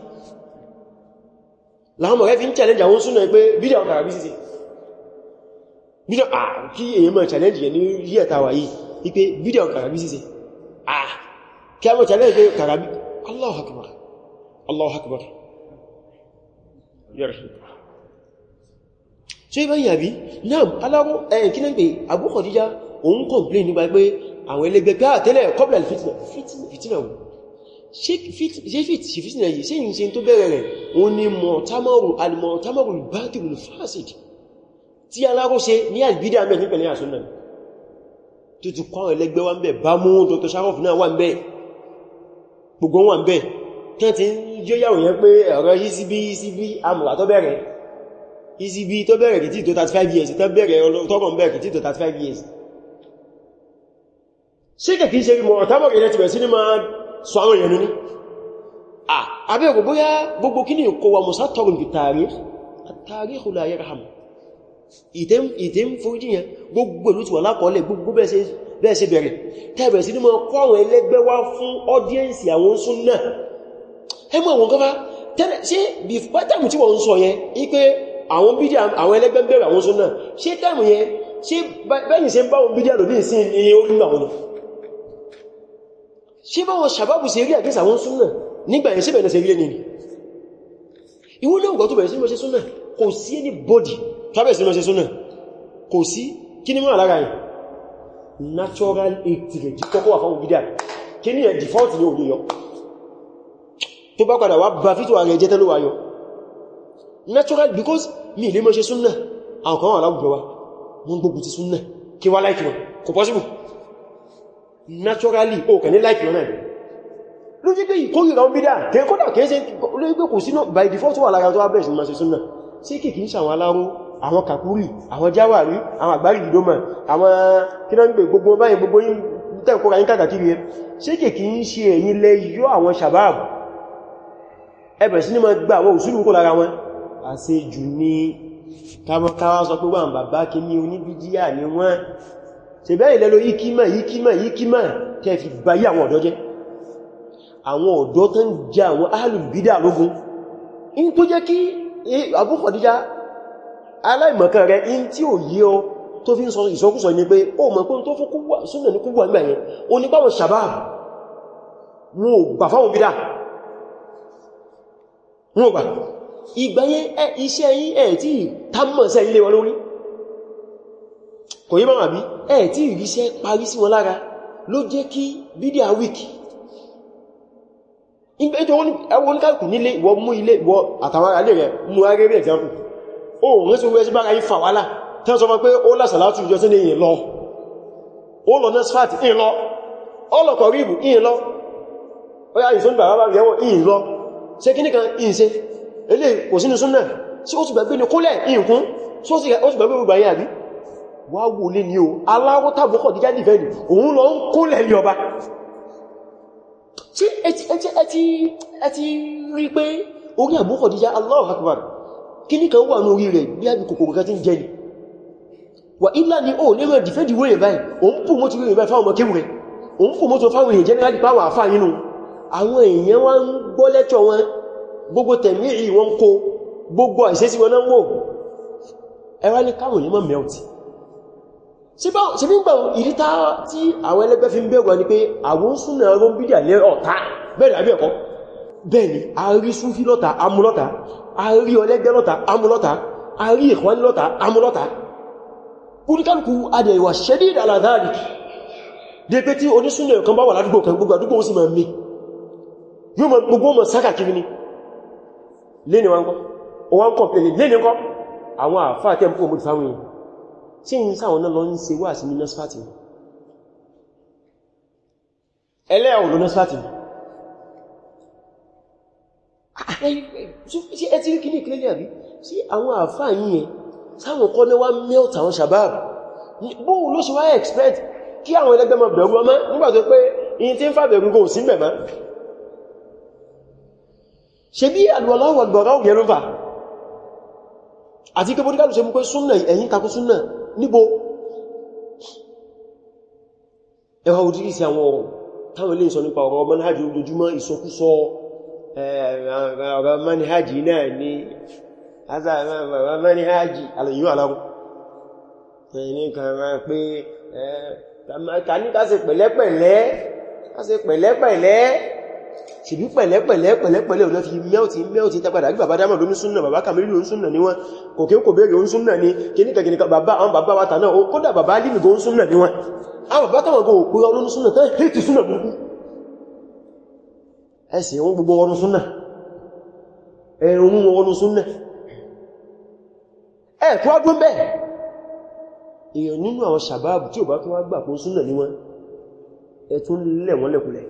láwọn mọ̀rẹ́ fi ń challenge àwọn súnà pé bídà ọkà àbí síse bídà ah, kí èyàn mọ̀ challenge yẹn ní rí ẹ̀ta wà yìí ipé bídà ọkà àbí síse ah kí a mọ̀ challenge pé kàràbí Allahu Akbar Allah Akbar yẹ̀rẹ̀ ṣe ibẹ̀ yàbí náà aláwọ̀ ẹ̀yìn kí náà Abu Khadija òun complain nípa pé àwọn ẹlẹgbẹ́ pé àtẹ́lẹ̀ ah, kọ́bla fìtínà fìtínà ṣe fìtìnà yìí ṣe yìí ṣe tó bẹ̀rẹ̀ rẹ̀ wọ́n ni mọ̀tàmọ̀rù bátìmù fásit tí aláró ṣe ní àgbídà mẹ́ nípẹ̀lẹ̀ àṣúnà tó ti kọ́ ẹlẹ́gbẹ́ wa ń bẹ̀ bá mú Dr. Sharof náà wà ń bẹ̀ gbogbo wà ń bẹ̀ tán ti yóò yàwó yẹn pé ọ̀rọ̀ ECB ECB amùlà tó bẹ̀rẹ̀ ECB tó bẹ̀rẹ̀ kìtì tó 35 years tó bẹ̀rẹ̀ tọ́rọ̀ ń bẹ̀rẹ̀ kìtì tó 35 years ṣe kẹ̀kì ṣe mọ̀tàmọ̀rù ilẹ̀ ti bẹ̀ sí ní máa sọ àwọn èèyàn ní àbí ẹ̀kọ́ bóyá gbogbo kí ní kó wa musa tọrùn bí tààrí àtàrí hùlà yẹ́ raham ìtẹ́ ń fún jíyàn gbogbo ìlú ti wà lákọọ́lẹ̀ gbogbo bẹ́ẹ̀ ṣe bẹ̀rẹ̀ tẹ́bẹ̀ sí ní mọ́ kọ́ àwọn ẹlẹ́gbẹ́ wá fún ọdíẹ̀nsì àwọn súnnà ẹmọ́ àwọn kọfà tẹ́lẹ̀ ṣe bí pátàmù tí wọ́n ń sọ yẹn ipé àwọn bídíà àwọn ẹlẹ́gbẹ́ bẹ̀rẹ̀ àwọn súnnà ṣe tẹ́mù yẹn ṣe bẹ́yìn ṣe bá ṣe báwọn sàbábù ṣe rí àgbẹ́sà wọn súnnà nígbà yẹn síbẹ̀ lẹ́sẹ̀ rí ní ìwú náà gbọ́ tó bẹ̀rẹ̀ sí mọ́ ṣe súnnà kò sí ẹni bọ́dì tàbẹ̀ sí mọ́ ṣe súnnà kò sí kí ni mọ́ àlára yìí natural activity kọ́kọ́ wà fáwọn bídá kí ni ẹ̀ default ní òní yọ tó bá padà wá bá fítò ààrẹ jẹ́ natural because mi ilé mọ́ ṣe súnnà àwọn kan wà láwùjọ wa wọ́n gbógun ti súnnà kí wá láìkì wọn kò possible naturally like ó kàn ní láìkì lọ́nà ẹ̀ ló jẹ́ pé ìkórìíra omi dáa tẹ́ kódà kìí ṣe olóògbé kò sínú by default to wà lára tó wá bẹ̀rẹ̀ sí máa ṣe súnnà sí kìí ṣe àwọn aláró àwọn kàkúrì àwọn jáwàrí àwọn àgbárí ìdómà àwọn kínáńgbè gbogbo báyìí gbogbo yìí tẹ́kọ́ra yín kàkàkiri ẹ ṣé kìí ṣe ẹ̀yin lẹ yọ àwọn sàbáàbù ẹbẹ̀ sí ní máa gba àwọn òṣùlù kó lára wọn àṣejù ní káwọn sọ pé wà ń bàbá kí ní oníbíjíà ni wọ́n se bẹ́ẹ̀ ilẹ̀ lo ikima ikima ikima tẹ́ fi bayí àwọn ọ̀dọ́ jẹ́ àwọn ọ̀dọ́ tó ń jẹ àwọn alùbídà lógún in tó jẹ́ kí e, abúkọ̀díjá aláìmọ̀kan rẹ̀ in tí ò yí ọ tó fi ń sọ ìsọkúsọ ní pé ó mọ̀ pé tó fún súnà ní kúgbà nígbà o ní pàwọn sàbáàbù wọn ò gbà fáwọn bídà wọn ò gbà ìgbà yẹn kò yí báwọn àbí ẹ̀ tí ìríṣẹ́ parí sí wọn lára ló jẹ́ kí bídíà wíkì ẹwọ́n kálùkù nílé ìwọ mú ilé ìwọ àtàwọn alẹ́ rẹ̀ mú arẹ́ bí ẹ̀gbẹ̀mù o rẹ̀ sí wẹ́ sí bára yí fàwálà tẹ́ sọ pé ó lásàlátù ìjọ sí ní ìyìn lọ ó lọ nesfat ìyìn lọ ọlọ́kọ̀ ríbù ìyìn lọ ó yá ìsọ́nù bàbá rẹ̀wọ̀ ìyìn lọ ṣe kí nìkan ìyìn ṣe elé kò sínú súnnà sí ó sì gbàgbé ní kólẹ̀ ìyìn kún sí ó sì gbàgbé gbogbo ayé àbí wá wòlé ní o aláwọ́tàbù Khadija dìfẹ́ndì òun lọ ń kólẹ̀ lé ọba tí ẹti rí pé orí Abu Khadija Allahu Akbar kí ní kan wà ní orí rẹ̀ bí i kòkòrò kan ti ni wà ilá ni ó lérò dìfẹ́ndì wéyẹ̀ báyìí òun pù mọ́tí wéyẹ̀ báyìí fáwọn ọmọ kéwùrẹ̀ òun pù mọ́tí fáwọn èèyàn general power àfáà nínú àwọn èèyàn wá ń gbọ́ lẹ́tọ̀ wọn gbogbo tẹ̀mí ì wọn kó ẹwà ní káwọn yìí mẹ́ọ̀tì ṣe bí ń gbà ìrítà tí àwọn ẹlẹ́gbẹ́ fi ń bẹ̀rọ ni pé àwọn súnà ọrún bídíà lẹ́ ọ̀tá bẹ́ẹ̀ àbí ẹ̀kọ́ bẹ́ẹ̀ ni a rí súnfí lọ́ta amúlọ́ta a rí ọlẹ́gbẹ́ lọ́ta amúlọ́ta a rí ìkwán lọ́ta amúlọ́ta oníkálùkù adẹ̀ ìwà ṣẹ́díd aláàdáàrí dé pé tí onísúnà kan bá wà ládùgbò kan gbogbo àdúgbò ó sì máa mi yóò mọ̀ gbogbo mọ̀ sákàkiri ni tí ń sáwọn náà lọ ń se wà sí ní nọ́sfàtì ẹlẹ́ọ̀lọ́ nọ́sfàtì ṣe ẹ ti rí kìlì kìlì àbí sí àwọn àfáàyí yẹn sáwọn kọ́ ní wá mẹ́ọ̀tà àwọn sàbáàbù bóò ló ṣe wá expect kí àwọn ẹlẹ́gbẹ́ mọ̀ bẹ̀rù ọmọ nígbà tó pé iye tí ń fà bẹ̀rù kò sí mẹ̀mọ́ ṣe bí àlùwọ̀lọ́wọ̀ gbọ̀rọ̀ ògẹ́lúfà àti kébódíkàlù ṣe mú pé súnnà ẹ̀yìn takú súnnà níbo ẹwà òjírísí àwọn ọ̀rọ̀ táwọn ilé ìsọ nípa ọ̀rọ̀ manhajì ojoojúmọ́ ìsọkúsọ ọ̀rọ̀ manhajì náà ni azàrọ̀ manhajì alìyàn aláwọ̀ ẹni kan pé ẹ̀ tàníkà ṣe pẹ̀lẹ́pẹ̀lẹ́ ṣìbí pẹ̀lẹ́pẹ̀lẹ́ pẹ̀lẹ́pẹ̀lẹ́ òun fi mẹ́ọ̀tí mẹ́ọ̀tí tapadà gbà bá dámà lóní súnnà bàbá kàmílì òun súnnà ni wọ́n kòkè kò bèèrè òun súnnà ni kìníkà kìníkà bàbá àwọn bàbá wata náà kódà bàbá alìmìgò òun súnnà ni wọ́n àwọn bàbá tàwọn gò pé ọlọ́nú súnnà tán hìtì súnnà burúkú ẹsẹ̀ wọn gbogbo ọrún súnnà ẹ̀rùn ọrún súnnà ẹ̀ tó ọdún bẹ́ẹ̀ èèyàn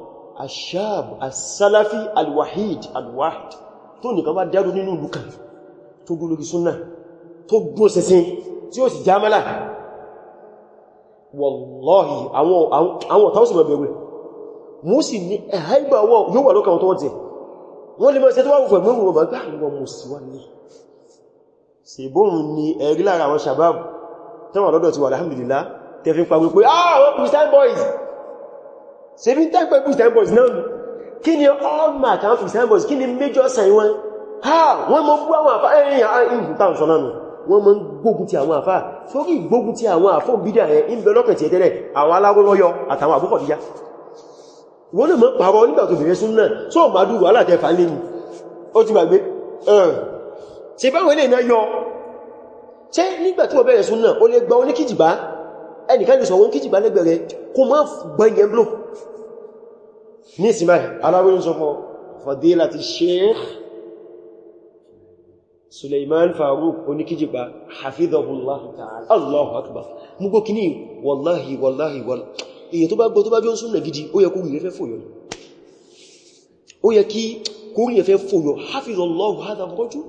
ashab asalafi alwahid alwahid tó nìkan bá dáró nínú ìlú kan tó dúró lórí súnnà tó dúró sẹsìn tí ó sì jámálà wallahi àwọn ọ̀tá òsì mẹ́bẹ̀rẹ̀ mú sì ní ẹ̀háìgbà yóò wà lókàwọn tó wọ́n tẹ̀ wọ́n lè mọ́ ìṣẹ́ tó wà wùfẹ̀ mẹ́rùn wọn bá gbá àwọn mọ̀ sí wọ́n ah, christian ṣe bí tẹ́pẹ́ christian boys náà nù kí ni hallmark àwọn christian boys kí ni major sign wọn ha wọ́n mọ́ bú àwọn àfá ẹ̀yìn àìyìn tàn sọ náà wọ́n mọ́ gbógun ti àwọn àfá sórí gbógun ti àwọn àfọ́ bídà ẹ̀ ń bẹ lọ́kàn ti ẹ̀tẹ́lẹ̀ àwọn aláwọ́lọ́yọ àtàwọn àbúkọ̀ díyá wọ́n lè mọ́ pàrọ nígbà tó bẹ̀rẹ̀ sún náà só máa dúró alátẹ́fà lè ní ó ti gbàgbé ṣe báwọn ilé náà yọ ṣe nígbà tí wọ́n bẹ̀rẹ̀ sún náà ó lè gbà ó ní kìjìbá ẹnìkan lè sọ wọn kìjìbá lẹ́gbẹ̀rẹ̀ kó má gbẹ̀yẹ̀ blow ní ìsinmi aláwọ̀ ń sọ fọ́ fadilati sheikh suleiman faruk oníkíjìpa hafidhahullah ta'ala allahu akbar múgbó kíní wallahi wallahi wallahi èyàn tó bá gbọ́ tó bá jọ ń súnmọ̀ gidi ó yẹ kó rí ẹfẹ́ fòyọ ó yẹ kí kó rí ẹfẹ́ fòyọ hafidhallahu hadha rajul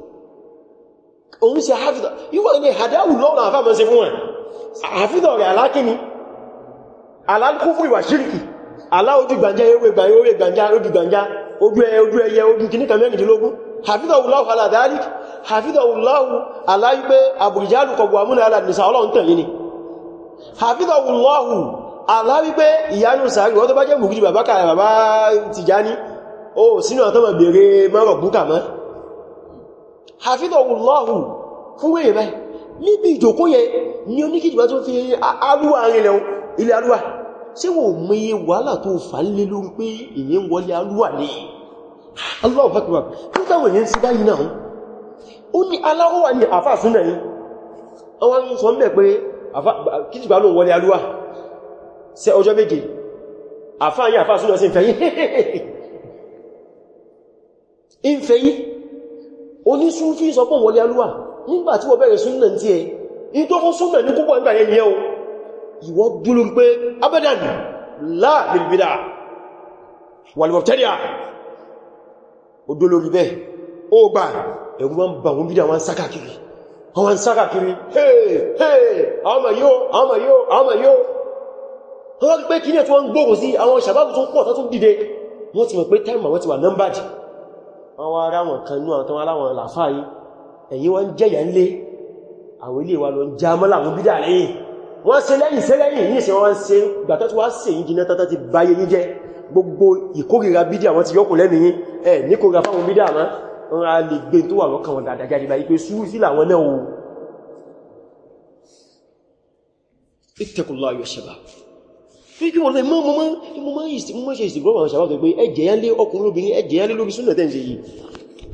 òun sí hafidha yíwá ní hadáwù lọ́rọ̀ àfáà sí fún ẹ̀ hafidha rẹ̀ alákíní alákúfù ìwà shirki alá ojú gbànjá ewé gbànjá orí gbanja ojú gbànjá ojú ẹ ojú ẹyẹ ojú mẹ́rìndínlógún ala dhalik hafidhahullahu ala ọlọ́run tẹ̀lé ni hafidhahullahu aláyípé ìyanu sàárì wọ́n tó bá jẹ́ mùgíjì bàbá kàrà bàbá Tìjání ó sínú bèèrè mọ́rọ̀ ni ṣe wò mẹ́yẹ wàhálà tó fà ń lé lórí pé ìyẹn ń wọlé alúwà ní Allahu Akbar nítàwò èyàn sí báyìí náà ó ní aláwọ̀wà ní àfà súnà yìí àwọn ń sọ mẹ́ pé kìtìbà ló wọlé alúwà ṣe ọjọ́ méje àfà yìí àfà súnà sí ìfẹ̀yí onísúnfí sọ pọ̀ wọlé alúwà nígbà tí wọ́n bẹ̀rẹ̀ súnà tí ẹ ìwọ dúró pé abadan la lil bid'ah wal mubtadi'ah ó dó lórí bẹ́ẹ̀ ó gbà ẹ̀rù wọn bà wọn bídà wọn sákàkiri wọn sákàkiri hey hey àmà yóò àmà yóò àmà yóò wọ́n rí pé kí ní ẹ̀ tí wọ́n ń gbóòrò sí àwọn ṣàbábù tó pọ̀ tó tún dìde wọ́n ti wọ́n ṣe lẹ́yìn ṣe lẹ́yìn ní ìṣẹ́ wọ́n ṣe gbàtọ́ tí wọ́n ṣe yìí jìnà tọ́tọ́ ti báyé yìí jẹ́ gbogbo ìkórìíra bídí àwọn ti yọ́kù lẹ́nu yìí ẹ̀ ní kórìíra fáwọn bídí àmá wọ́n a lè gbé tó wà lọ́kàn wọn dáadáa jáde báyìí pé súrú sí làwọn náà o ittaqullaha shabab fi kí wọ́n lè mọ́ mọ́ mọ́ mọ́ ṣe ìsìnkú àwọn sàbá tó pé ẹjẹ̀ yá lé ọkùnrin obìnrin ẹjẹ̀ yá lé lórí súnà tẹ́ ń ṣe yìí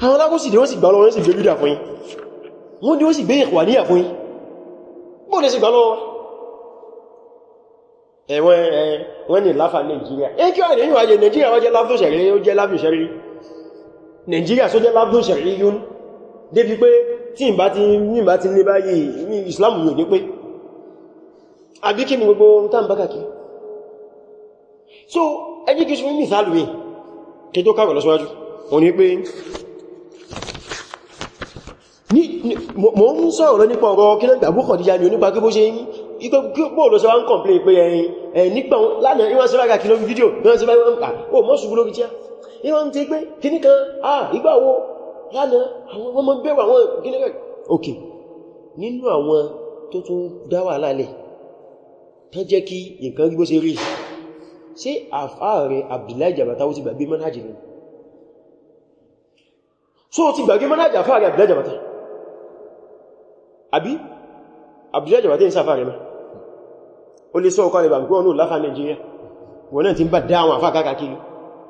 àwọn alákòsì ni wọ́n sì gbà lọ́wọ́ wọ́n sì gbé bídà fún yín wọ́n ni wọ́n sì gbé ìkwà níyà fún yín bóò lè sì gbà lọ́wọ́ ẹ̀wọ́n ẹ̀ wọ́n ni láfà Nàìjíríà ẹ kí wà ní ìwàjẹ̀ Nàìjíríà wọ́n jẹ́ láfà ṣẹ̀rí ó jẹ́ láfà ṣẹ̀rí Nàìjíríà só jẹ́ láfà ṣẹ̀rí yún débi pé tí ìbá ti níbá ti lé báyìí ní Islam yóò ní pé àbí kí ni gbogbo tán bá kàkí so ẹjí kí sún mìsàlù mi kí tó kàrọ̀ lọ́síwájú wọ́n ni pé mo ń sọ̀rọ̀ nípa ọ̀rọ̀ kí lẹ́gbàgbókọ̀ díjá ni onípa kí bó ṣe ìgbẹ́ gbóòlò ṣe wá ń kọ̀m̀plé pé ẹ̀yìn nígbà lánàá ìwọ́n sílága kí lórí fídíò ìwọ́n sílága ó mọ́ ṣùgbú lórí tí a ìwọ́n ti pé kíní kan ah ìgbà wo lánàá àwọn ọmọ bẹ̀rù àwọn kíní kan ok nínú àwọn tó tún dá wà lálẹ̀ tán jẹ́ kí nǹkan rí bó ṣe rí ṣé àfáàrẹ Abdullahi Jabata ó ti gbàgbé manhajì ni so ti gbàgbé manhajì àfáàrẹ Abdullahi Jabata àbí Abdullahi Jabata ń sáfàrẹ mẹ́ ó lè sọ ọ̀kan lè bàbí pé ọ̀nà láfà Nigeria wọ́n náà ti ń bá dá àwọn àfá kákàkiri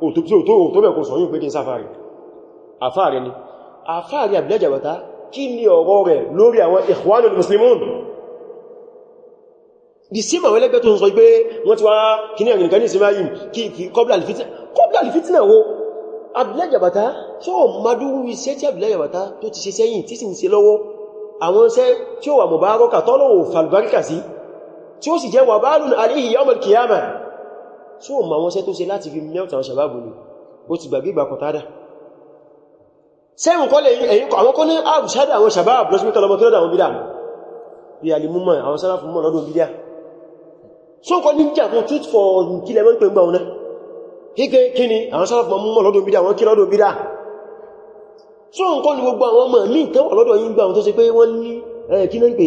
òtò tó bẹ̀kùn sọ yìí pé kí n sáfàrí àfáàrí ni àfáàrí àbílẹ́jàbàtá kí ni ọ̀rọ̀ rẹ̀ lórí àwọn Muslimun di sí àwọn ẹlẹ́gbẹ́ tó ń sọ pé wọ́n ti wá kí ní àgbìnkan ní ìsinmáyì kí kọ́blá alìfitínà wo àbílẹ́jàbàtá tí ó madúrú iṣẹ́ tí àbílẹ́jàbàtá tó ti àwọn iṣẹ́ tí ó wà mọ̀bá rọ́kà tọ́lọ́wọ̀ falbarika sí tí ó sì jẹ́ wàbálùn aléhì yawm al-qiyamah tí ó ma wọ́n sẹ́ tó ṣe láti fi mẹ́ta àwọn ṣàbábù ní ó ti gbàgbé ìgbà kọ̀tádà sẹ́yìn kọ́ lè ẹ̀yìn kọ́ àwọn kọ́ ní àbùsádà àwọn ṣàbábù lọ́símítọ̀ lọ́mọ tó lọ́dà àwọn bídà bí alimúmọ̀ àwọn sára fún mọ́ lọ́dún gbogbo àwọn ọmọ míì tẹ́wọ̀ lọ́dọ̀ yìí gbà wọn tó ṣe pé wọ́n ní ẹ̀kí náà ń pè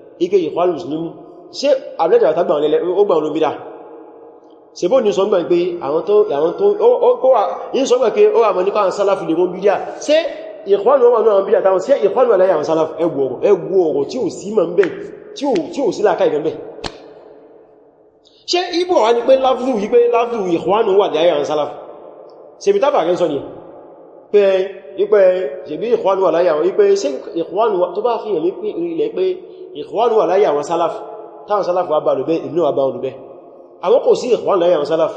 ike ìkwàlù muslim ṣe àbúlẹ̀dẹ̀ àtàgbà ọ̀lẹ́lẹ́ ó gbà olóbídà ṣe bó ní sọgbà pé àwọn tó yí sọgbà pé ó àmọ́ nípa àwọn sálàfù lè mọ́ bídíà ṣe ìkwàlù wọn náà bídíà táwọn ṣe ìkwàlù aláyà àwọn sálàfù ẹgbù ọ̀rọ̀ tí ò sí mọ̀ ń bẹ̀ tí ò sí láàká ìgbẹ̀ ṣe ibò wá ní pé láfúrú yí pé láfúrú ìkwàlù wà láyà àwọn sálàfù ṣe bí tábà rẹ̀ ń sọ ni pé ipẹ́ ṣe bí ìkwàlù aláyà wọn ipẹ́ ṣe ìkwàlù tó bá fi hàn ní ilẹ̀ pé ìkwọ́nù wà láyé àwọn sálàf táwọn sálàf wà bá lùbẹ́ ìbìnú wà bá lùbẹ́ àwọn kò sí ìkwọ́nù láyé àwọn sálàf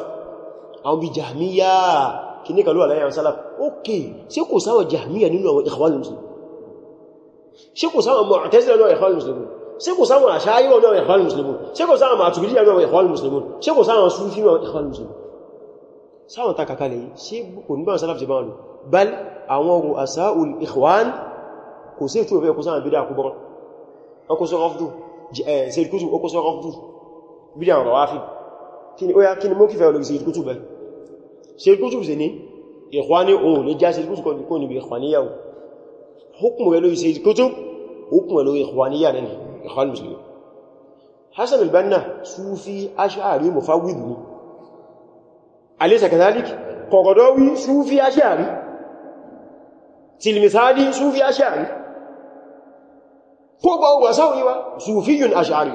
àwọn bí jahmiya kìní kan ló wà láyé àwọn sálàf ok ṣé kò sáwọn jahmiya nínú àwọn ìkwọ́nù musulmi ṣé kò sáwọn mu'tazila nínú ìkwọ́nù musulmi ṣé kò sáwọn àṣáyíwọ̀ nínú ìkwọ́nù musulmi ṣé kò sáwọn màtùbídíyà nínú ìkwọ́nù musulmi ṣé kò sáwọn sufi nínú ìkwọ́nù musulmi sáwọn takakalẹ̀ yìí ikhwan kò sí ìtú ìfẹ́ kò sáwọn bídá kúbọ́rọ̀ ọkọ̀sọ́ rọ́fdù Sayyid Qutb ọkọ̀sọ́ rọ́fdù bí i àwọn rọ̀wáfí kí ni mọ́ kí fẹ́ olórí Sayyid Qutb bẹ̀ Sayyid Qutb sí ní Ikhwani ohun lè já Sayyid Qutb kọ́ níbi Ikhwaniyya hukun rẹ̀ lórí Sayyid Qutb hukun rẹ̀ lórí Ikhwaniyya nínú Ikhwan Muslimin Hassan al-Banna Sufi Ash'ari mufawwid ni alaysa kadhalik Qaqadawi Sufi Ash'ari Tilmisadi kó gba ọgbà sáwọn yíwá sùfíyùn aṣàrí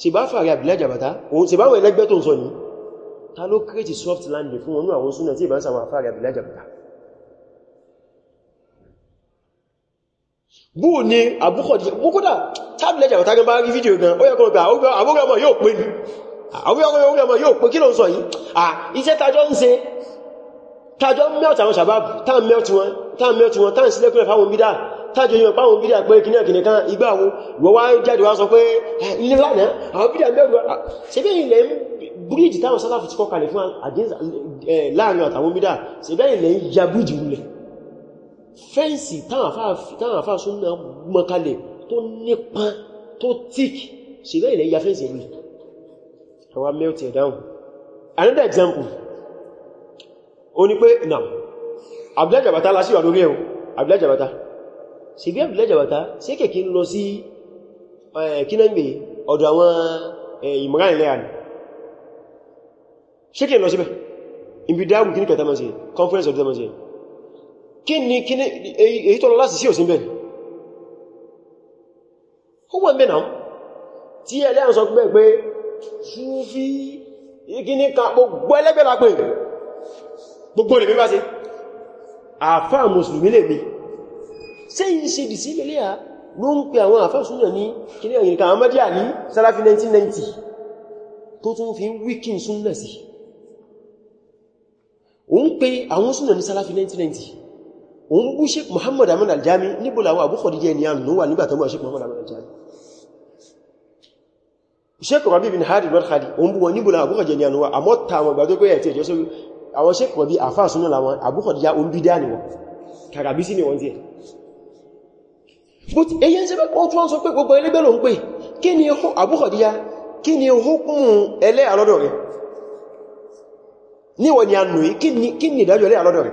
ṣe bá fàrí àbìlá jàbàtá òun ṣe bá wọ ẹlẹ́gbẹ́ tó ń sọ ní ta ló kírètì soft landing fún ọnú àwọn súnà tí ìbá ń sàwọn àfàrí àbìlá jàbàtá bú ní àbúkọ̀dì búkúdà tábìlẹ̀ jàbàtá gan bá rí fídíò gan ó yẹ kọ́ gbà àwọ́gbàmọ̀ yóò pé ní àwọ́gbàmọ̀ ah, yóò pé kí ló ń sọ yìí à ah, iṣẹ́ tajọ́ ń ṣe tajọ́ melt àwọn sàbábù tá melt wọn tá melt wọn tá ń sílẹ̀kùnlẹ̀ fáwọn bídá tájọ yíò pàwọn bídà pé kí náà kìnìkan igbá àwọn ìwọ̀wá jáde wá sọ pé eh, ilé lánàá àwọn bídà mẹ́rù ah, ṣe bẹ́ ilẹ̀ bíríjì táwọn sálàfù ti kọkàlẹ̀ fún eh, láàrin àtàwọn bídà ṣe bẹ́ ilẹ̀ ya bíríjì rúlẹ̀ fẹ́ǹsì táwọn àfáà súnmọ́ mọ́kalẹ̀ tó nípa ya fẹ́ǹsì rúlẹ̀ àwọn melt it down another example ó ní pé now abdullajabata lásìwà lórí ẹ̀wọ̀n abdullajabata ṣe bí Abdullahi Jabata ṣe kèkí ń lọ sí kínẹ́gbẹ̀ ọ̀dọ̀ àwọn Imran ilẹ̀ àná ṣe kèkí lọ síbẹ̀ ibi dáàrù kẹta mọ́ conference of democracy kí ni kí ní èyí tọ́lọ láti sí òsìn bẹ̀rẹ̀ ó wọ́n bẹ̀ náà tí ẹlẹ́ àwọn sọ pé pé ṣúfí ìgíní kan gbogbo ẹlẹ́gbẹ̀lá pé àfáà mùsùlùmí lè bí ṣe yìí ṣe dì sí ilé à ló ń pe àwọn àfẹ́súnà ní kíní àyíká àmọ́díà ní sálàfí 1990 tó tún fi ń wíkín súnnà sí òun pe àwọn súnnà ní sálàfí 1990 òun bú Sheikh Muhammad Amin Al-Jami níbo làwọn Abu Khadija ní àmì wà nígbàtọ́ mọ́ Sheikh Muhammad Amin Al-Jami Sheikh Rabi bin Hadi al-Madkhali òun bú Abu Khadija ní àmì wà àmọ́ ta àwọn ìgbà tó pé ẹ̀ tí ẹjọ́ sórí àwọn Sheikh Rabi Abu Khadija òun bí dáni wọn ni wọ́n ti but eyan ṣe pé ó tún sọ pé gbogbo elegbe ló ń pè kíni ho Abu Khadija kíni hukumu ele alodo rẹ̀ ni wo ni anu kíni kíni dájọ́ ele alodo rẹ̀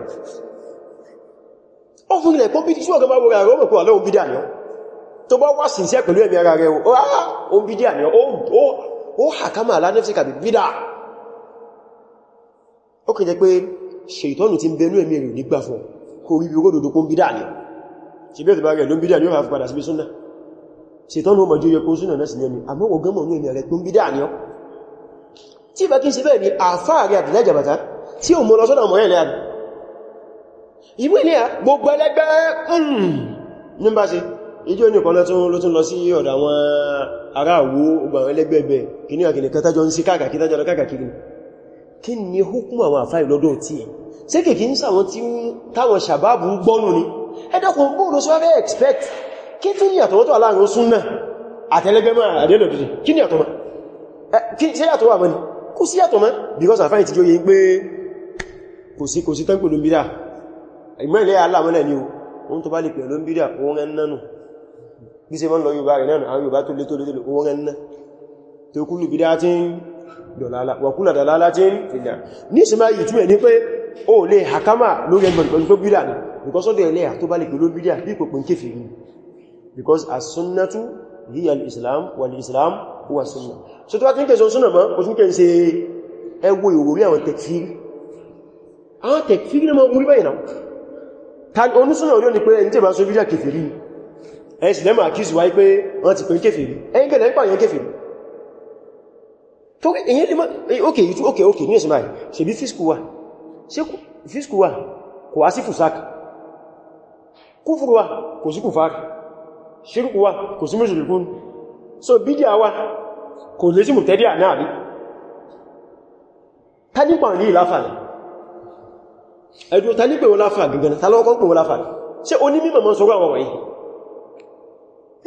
ó fún le ko bi ti so ga ba wo ga ro ko o bidan yo tó bá wá sincere pẹ̀lú rẹ̀ o ah o o o o hakama ala nafsi ka bi bidan ó kàn jẹ́ pé ṣèìtọ́nù ti ń bẹnú ẹ̀mí rẹ̀ nígbà fún kò rí bí ogódòdó ṣe bẹ́ẹ̀ bá rẹ̀ ló ń bídá ní ó hàfi padà sí bí súnnà ṣètọ́nù ọmọ jóyẹ kó súnnà náà sí lẹ́nu àmọ́ ọgọ́mọ̀ ní ẹ̀rẹ̀ tó ń bídá ní ọ tí bá kí n ṣe bẹ́ẹ̀ ni àfáà rẹ̀ àtìlẹ́ ìjàbàtá tí ò mọ́ lọ sọ́nà mọ́rẹ̀ lẹ́yà ìwé ilé à gbogbo ẹlẹ́gbẹ́ hmm, ní bá ṣe ijó ní ọ̀kan ló tún lọ sí ọ̀dọ̀ àwọn ará àwó ogun àwọn ẹlẹ́gbẹ́ ẹgbẹ́ kìíní àkìní kẹtàjọ ń kí ni hukumu àwọn àfáà ìlọ́dọ̀ tí ẹ̀ sí kìí ń sàwọn táwọn sàbábù gbọ́nù ni ẹ̀dàkùn bóòlù sọ fẹ́ expect kí tí yàtọ̀ wọ́tọ̀ aláàrin oṣù náà àtẹ́lẹ́gbẹ́mọ́ àdẹ́lẹ̀dìdì kí ni àtọ́mọ́ sí yàtọ̀ wà mọ́ni kò sí yàtọ̀ mọ́ because àfáì ti jóye pé kò sí kò sí tán pẹ̀lú bídà ìgbẹ́lẹ̀ aláàmọ́lẹ̀ ni ohun tó bá lè pẹ̀lú bídà owó rẹ̀ nánú bí se mọ́n lọ Yorùbá rẹ̀ nánú àwọn Yorùbá tó lé tó lé tó owó rẹ̀ nná tó kúlù bídà tí ń dọ̀lálá wàkúlà dọ̀lálá tí ń fìdà ní ìsinmi ayì túnmẹ̀ ní pé ó lè hakama lórí ẹgbẹ̀rẹ̀ pẹ̀lú bídà ní because ó dẹ̀ ilẹ̀ tó bá lè pẹ̀lú bídà bí pẹ̀pẹ̀ kéfèrí because as-sunnatu hiya al-islam wal-islam huwa sunna so tó bá tí ń kẹsọ súnà mọ́ o tún kẹ́ ṣe ẹgbò ìwòrí àwọn tẹ̀kfírí àwọn tẹ̀kfírí ní ma wúrí báyìí náà ta onísúnà orí ni pé ẹni tẹ́ bá sọ bídà kéfèrí ẹ̀yìn sì lẹ́mọ̀ àkíyèsí wáyé pé wọ́n ti pè kéfèrí ẹ̀yìn gẹ̀lẹ́ ń pààyàn kéfèrí torí lè mọ́ okay okay okay ní ẹ̀sìn báyìí ṣe bí fíṣkù wà ṣe fíṣkù wà kò wá sí fùsák kúfùrù wà kò sí kùfàr ṣírùkù wà kò sí mùsùlùkún so bídíà wà kò lè sí mùtẹ́díà náà rí tànípa ní ìláfàní ẹ̀dùn tànípa wọ́n láfà gẹ̀gẹ̀ tàlọ́kọ́ pè wọ́n láfà ṣe oní mímọ̀ mọ́ sọ́rọ̀ àwọn wọ̀nyí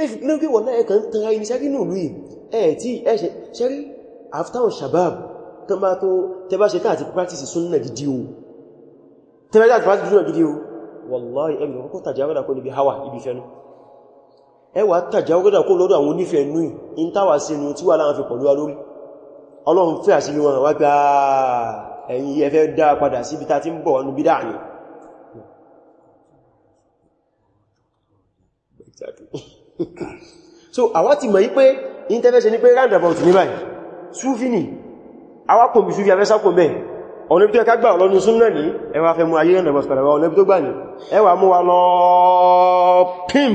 ẹ̀fìkínlẹ́gbẹ̀wọ̀n náà ẹ̀kàn tàn tán bá tó tẹbá ṣe tán àti practice súnnà gidi o tẹbá ṣe àti practice súnnà gidi o wallahi ẹgbẹ̀ kọ́kọ́ tàjáwọ́dà kó níbi hawa ibi fẹ́nu ẹwà tàjáwọ́dà kó lọ́dọ̀ àwọn onífẹ́ nú in táwà sí inú tí wà láwọn fi pọ̀lú so àwa ti mọ̀ yí pé in tẹ́fẹ́ ṣe ní pé roundabout ní báyìí súfì awápòmí súfí afẹ́sápò mẹ́ ọ̀nà ibi tó ẹka gbà lọ́nu súnnà ní ẹwà fẹ́ mú ayé ẹ̀nà bọ̀sùpẹ̀lẹ̀ ọ̀nà ibi tó gbà ní ẹwà mú wa lọ pín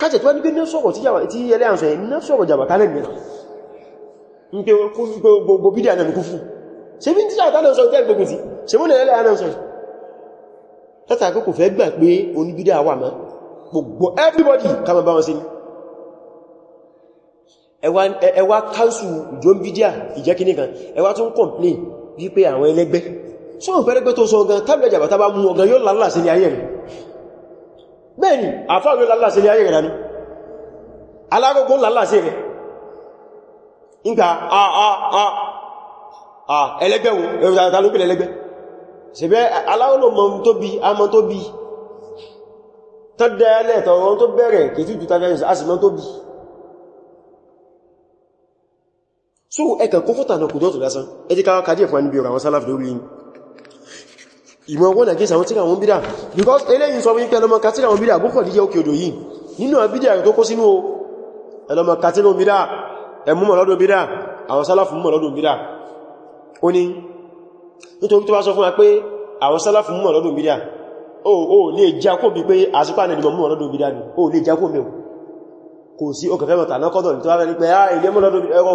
kájẹ̀ tó wá ní pé ní sọ̀rọ̀ tí ẹlẹ́ àǹsọ̀ ẹ̀ ní sọ̀rọ̀ jàbà tálẹ̀ mìíràn ní pé gbogbo bídí ànà nìkú fún ṣe bí tíjà tálẹ̀ sọ jẹ́ gbogbo tí ṣe mú nílẹ̀ ànà sọ látàkókò fẹ́ gbà pé oníbídí everybody kama bá wọn ẹwà káńsù jọmbídíà ìjẹ́kíní kan ẹwà tún complain wípé àwọn ẹlẹ́gbẹ́ sọ́run pẹ́lẹ́gbẹ́ tó sọ ọgán tábí ẹjàbà tàbá mú ọgán yóò lálà sí ní ayé rẹ̀ bẹ́ẹ̀ni àfáà yóò lálà sí ní ayé rẹ̀ dání alágógó lálà sí rẹ̀ nígbà ẹlẹ́gbẹ́ wo ẹlẹ́gbẹ́ ṣẹ̀bẹ́ aláwọ̀lọ́mọ tó bí amọ tó bí tọ́dẹ̀ẹ́lẹ̀ tọ̀rọ̀ tó bẹ̀rẹ̀ kìtìtù tàbí àṣìmọ́ tó bí so ẹkàn kún fọ́tà náà kù dọ́tù lásán ẹjí káwà kàdí ẹ̀fà níbi ọ̀rọ̀ àwọn sálàfì lórí ìmọ̀ wọ́n against àwọn tíra wọn bídà because eléyìn sọ wípé ẹlọmọ katíra wọn bídà gbọ́kọ̀ díjẹ́ òkè odò yìí nínú àbídà rẹ̀ tó kó sínú ẹlọmọ katíra bídà ẹmúmọ̀ lọ́dún bídà àwọn sálàfì múmọ̀ lọ́dún bídà ó ní nítorí tó bá sọ fún wa pé àwọn sálàfì múmọ̀ lọ́dún bídà ó lè jákó bí pé àsìpá nìdìmọ̀ múmọ̀ lọ́dún bídà ni ó lè jákó mẹ́ kò sí ọkẹ̀fẹ́ mọ̀tà náà kọ́dọ̀ ní tó bá fẹ́ ní pé ah ilé mọ́ lọ́dún ẹ̀rọ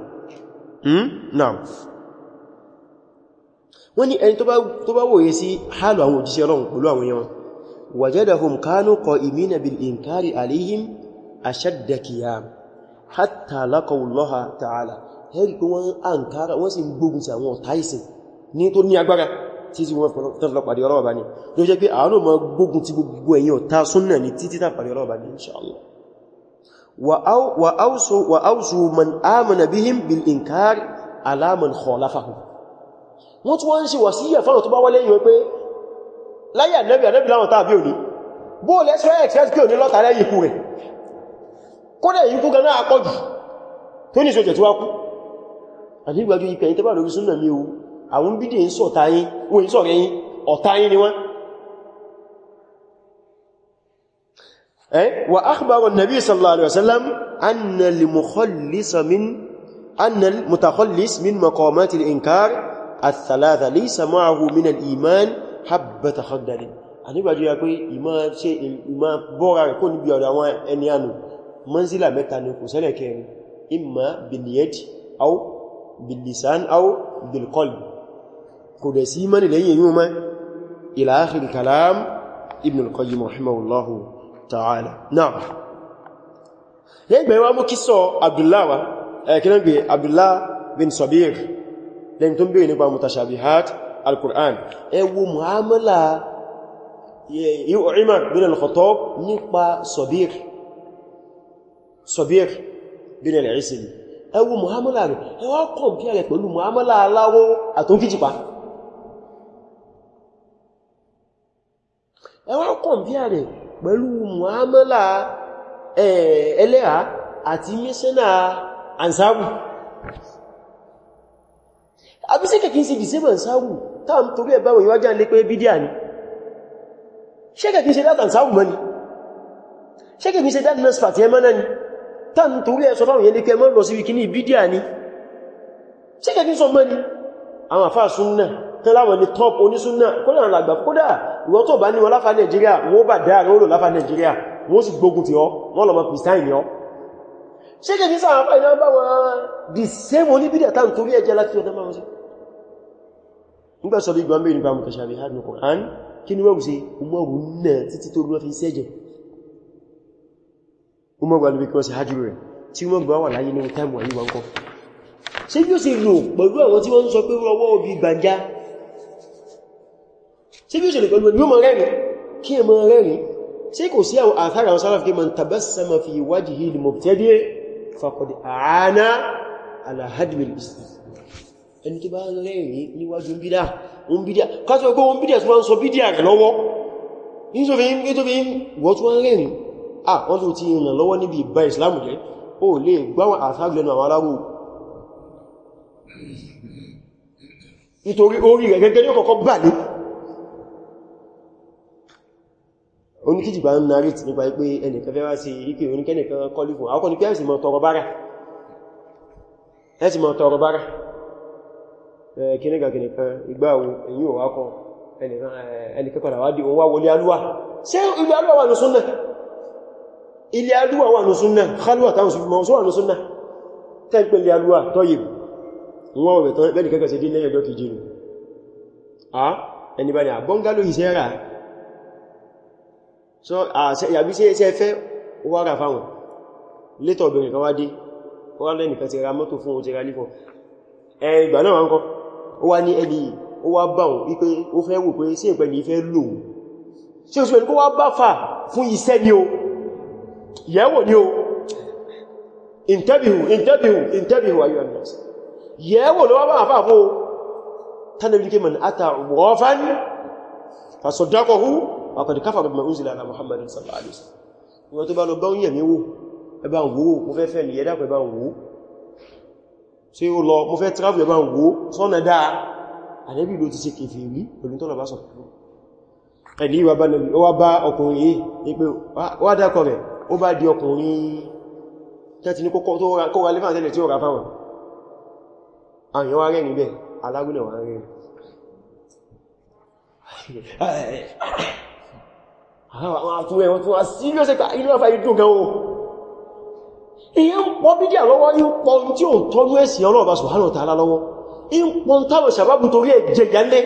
Hmm? wọ́n ní ẹni tó bá wòye sí hálù àwọn òjíṣẹ́ ọlọ́run pẹ̀lú àwọn èèyàn wajadahum kanu qa'imina bil inkari alayhim ashadda qiyam hatta laqaw Allah ta'ala hẹ́rì pé wọ́n àǹkára wọ́n sì ń gbógun sí àwọn ọ̀tá ìsìn ní tó ní agbára títí wọ́n tẹ́fẹ́lọpàdé وأو وأوصوا وأوصوا من آمن بهم بالإنكار على من خالفهم wọ́n tún wọ́n ń ṣe wàsíyà fọ́nà tó bá wá lẹ́yìn wọ́n pé láyé ànẹ́bì ànẹ́bì láwọn tàbí òní bó lẹ́sọ́ ẹ̀kẹ́sì kí òní lọ́ta lẹ́yìn ikú rẹ̀ kódẹ̀ yìí kú gan náà pọ̀jù tó ní ìṣòjẹ̀ tó wá kú ànígbàjú ipẹ̀ إيه؟ واخبر النبي صلى الله عليه وسلم ان المخلص من ان المتخلص من مقامات الانكار الثلاثه ليس معه من الايمان حبه خردل اني بجي اكو ايمان شيء ايمان بورا يكون بيد اوان انيانو منزله متانو نكو سلكه اما باليد او باللسان او بالقلب كودسيمان لين يوم الى اخر كلام ابن القيم رحمه الله ta'ala náà lẹ́gbẹ̀ẹ́ wá mú kí sọ Abdullah wa ẹ̀kìlẹ́gbẹ̀ Abdullah bin Sabir lẹ́yìn tó ń bèèrè nípa mutashabihat al-Qur'an ẹwọ mu'amala Umar bin al-Khattab nípa Sabir Sabir bin al-Isili ẹwọ mu'amala rẹ̀ ẹwà kọ̀mpí rẹ̀ pẹ̀lú mu'amala aláwọ́ àtúnkíjìpa ẹwà kọ̀mpí rẹ̀ pẹ̀lú muamala ẹlẹ́à àti mísẹ́nà ansáwù àbísẹ́kẹ̀ kìí sí dìsẹ́bẹ̀ ansáwù táà torí ẹ̀báwọn ìwájá lé pé bídíà ni ṣẹ́kẹ̀ kìí ṣe dáta ansáwù mọ́ ni ṣẹ́kẹ̀ kìí ṣe dáta nasfà ti ẹmọ́ náà ni táà torí tán láwọn ní top onísúnnà kódà àwọn àgbà kódà ìwọ́n tó bá ní wọ́n láfà Nàìjíríà wọ́n bà dáa rẹ̀ ó lò láfà Nàìjíríà wọ́n sì gbógun ti ọ wọ́n lọ mọ́ Christian yọ ṣe kèfí sáwọn afẹ́ ìdánbà wọn the same oníbídẹ̀ tán torí ẹjẹ́ láti ọdọ́ máa wọ́n sí nígbàsọ̀ bí gbọ́nbẹ̀ nígbà mọ̀ kẹsàrí hàn nìkan án kí ni wọ́n sí umaru náà títí tó lọ́fi sẹ́jẹ̀ umaru alùbí kí wọ́n sí hajjú rẹ̀ tí wọ́n gbà wà láyé ní time wà yíwa ń kọ́ ṣe yóò sì lò pẹ̀lú àwọn tí wọ́n ń sọ pé ọwọ́ òbí gbàjá ṣe bí ó ṣẹlẹ̀ pẹ̀lú yóò mọ̀ rẹ́rin kí ẹ mọ̀ rẹ́rin ṣe kò sí àwọn àtàrà àwọn sálàfí kí man tabassama fi wajhi al-mubtadi faqad aana ala hadmi al-islam ẹni tí bá rẹ́rin níwájú bídá bídá kátọ̀ ẹgbẹ́ wọn bídá tí wọ́n sọ bídá rẹ̀ lọ́wọ́ ní tó fi ń gé tó fi ń wọ́n tí wọ́n rẹ́rin à wọ́n tó nítorí orí rẹ̀ gẹ́gẹ́ ní ọkọ̀ọ̀kọ́ bà ní oníkìtìgbà ń narrate nípa pé ẹnìkan fẹ́ wá sí ìríkè oníkẹ́nìkan kọlù fún àwọn oníkẹ́ ẹ̀sìn mọ́ tọrọ bára ẹ̀sìn mọ́ tọrọ bára kìnnìkàkìnnìkan ìgbàwó èyí ò wákan ẹnìkẹ́kọ̀ọ́lá wá dí òun wá wọlé alúwà ṣe ilé alúwà wà ní súnnà ilé alúwà wà ní súnnà khalwa táwọn sùfí mọ́ wà ní súnnà tẹ́ǹpẹ̀ ilé alúwà tọ́yì wọ́n so ah, àbí sí ẹfẹ́ ó wá rà fáwọn létọ̀ obìnrin kan wá dé ó wá lẹ́nìkan ti ra mọ́tò fún ó ti ra lífọ́ ẹgbà náà wọ́n kọ́ ó wá ní ẹni ó wá bá wọn wípé ó fẹ́ wò pé sí ìpẹ́ ní ìfẹ́ lò sí oṣù ẹni kó wá bá fà fún iṣẹ́ ni o yẹ̀wò ni o intabihu intabihu intabihu ayyuhan nas yẹ̀wò ló wá bá fà fún o tánàbí kí mọ̀ ní àtàwọ̀fán fasọ̀dákọ̀hú وقد كفر بما أنزل على محمد صلى الله عليه وسلم wọ́n tó bá lọ báwọn yẹ̀mí wò ẹbá ń wò mo fẹ́ fẹ́ ní ẹ̀dàpẹ̀ bá ń wò ṣe ó lọ mo fẹ́ travel ẹbá ń wò sọ́nà dáa àdẹ́bì ló ti ṣe kèfè rí pẹ̀lú tọ́lọ̀ bá sọ̀rọ̀ ẹ̀dí wà bá ọkùnrin yìí ní pé wà dákọ̀ rẹ̀ ó bá Ah, àwọn àtúwẹ̀ wọn tó wá serious ẹ̀kà inú ẹ̀fà ìdún gan o ìyẹ́ ń pọ́ bídí àlọ́wọ́ ń pọ́ tí ó tọ́nú ẹ̀sìn ọlọ́ọ̀bá subhanahu wa ta'ala lọ́wọ́ ń pọ́ ń táwọn sàbábù torí ẹ̀jẹ̀ yálé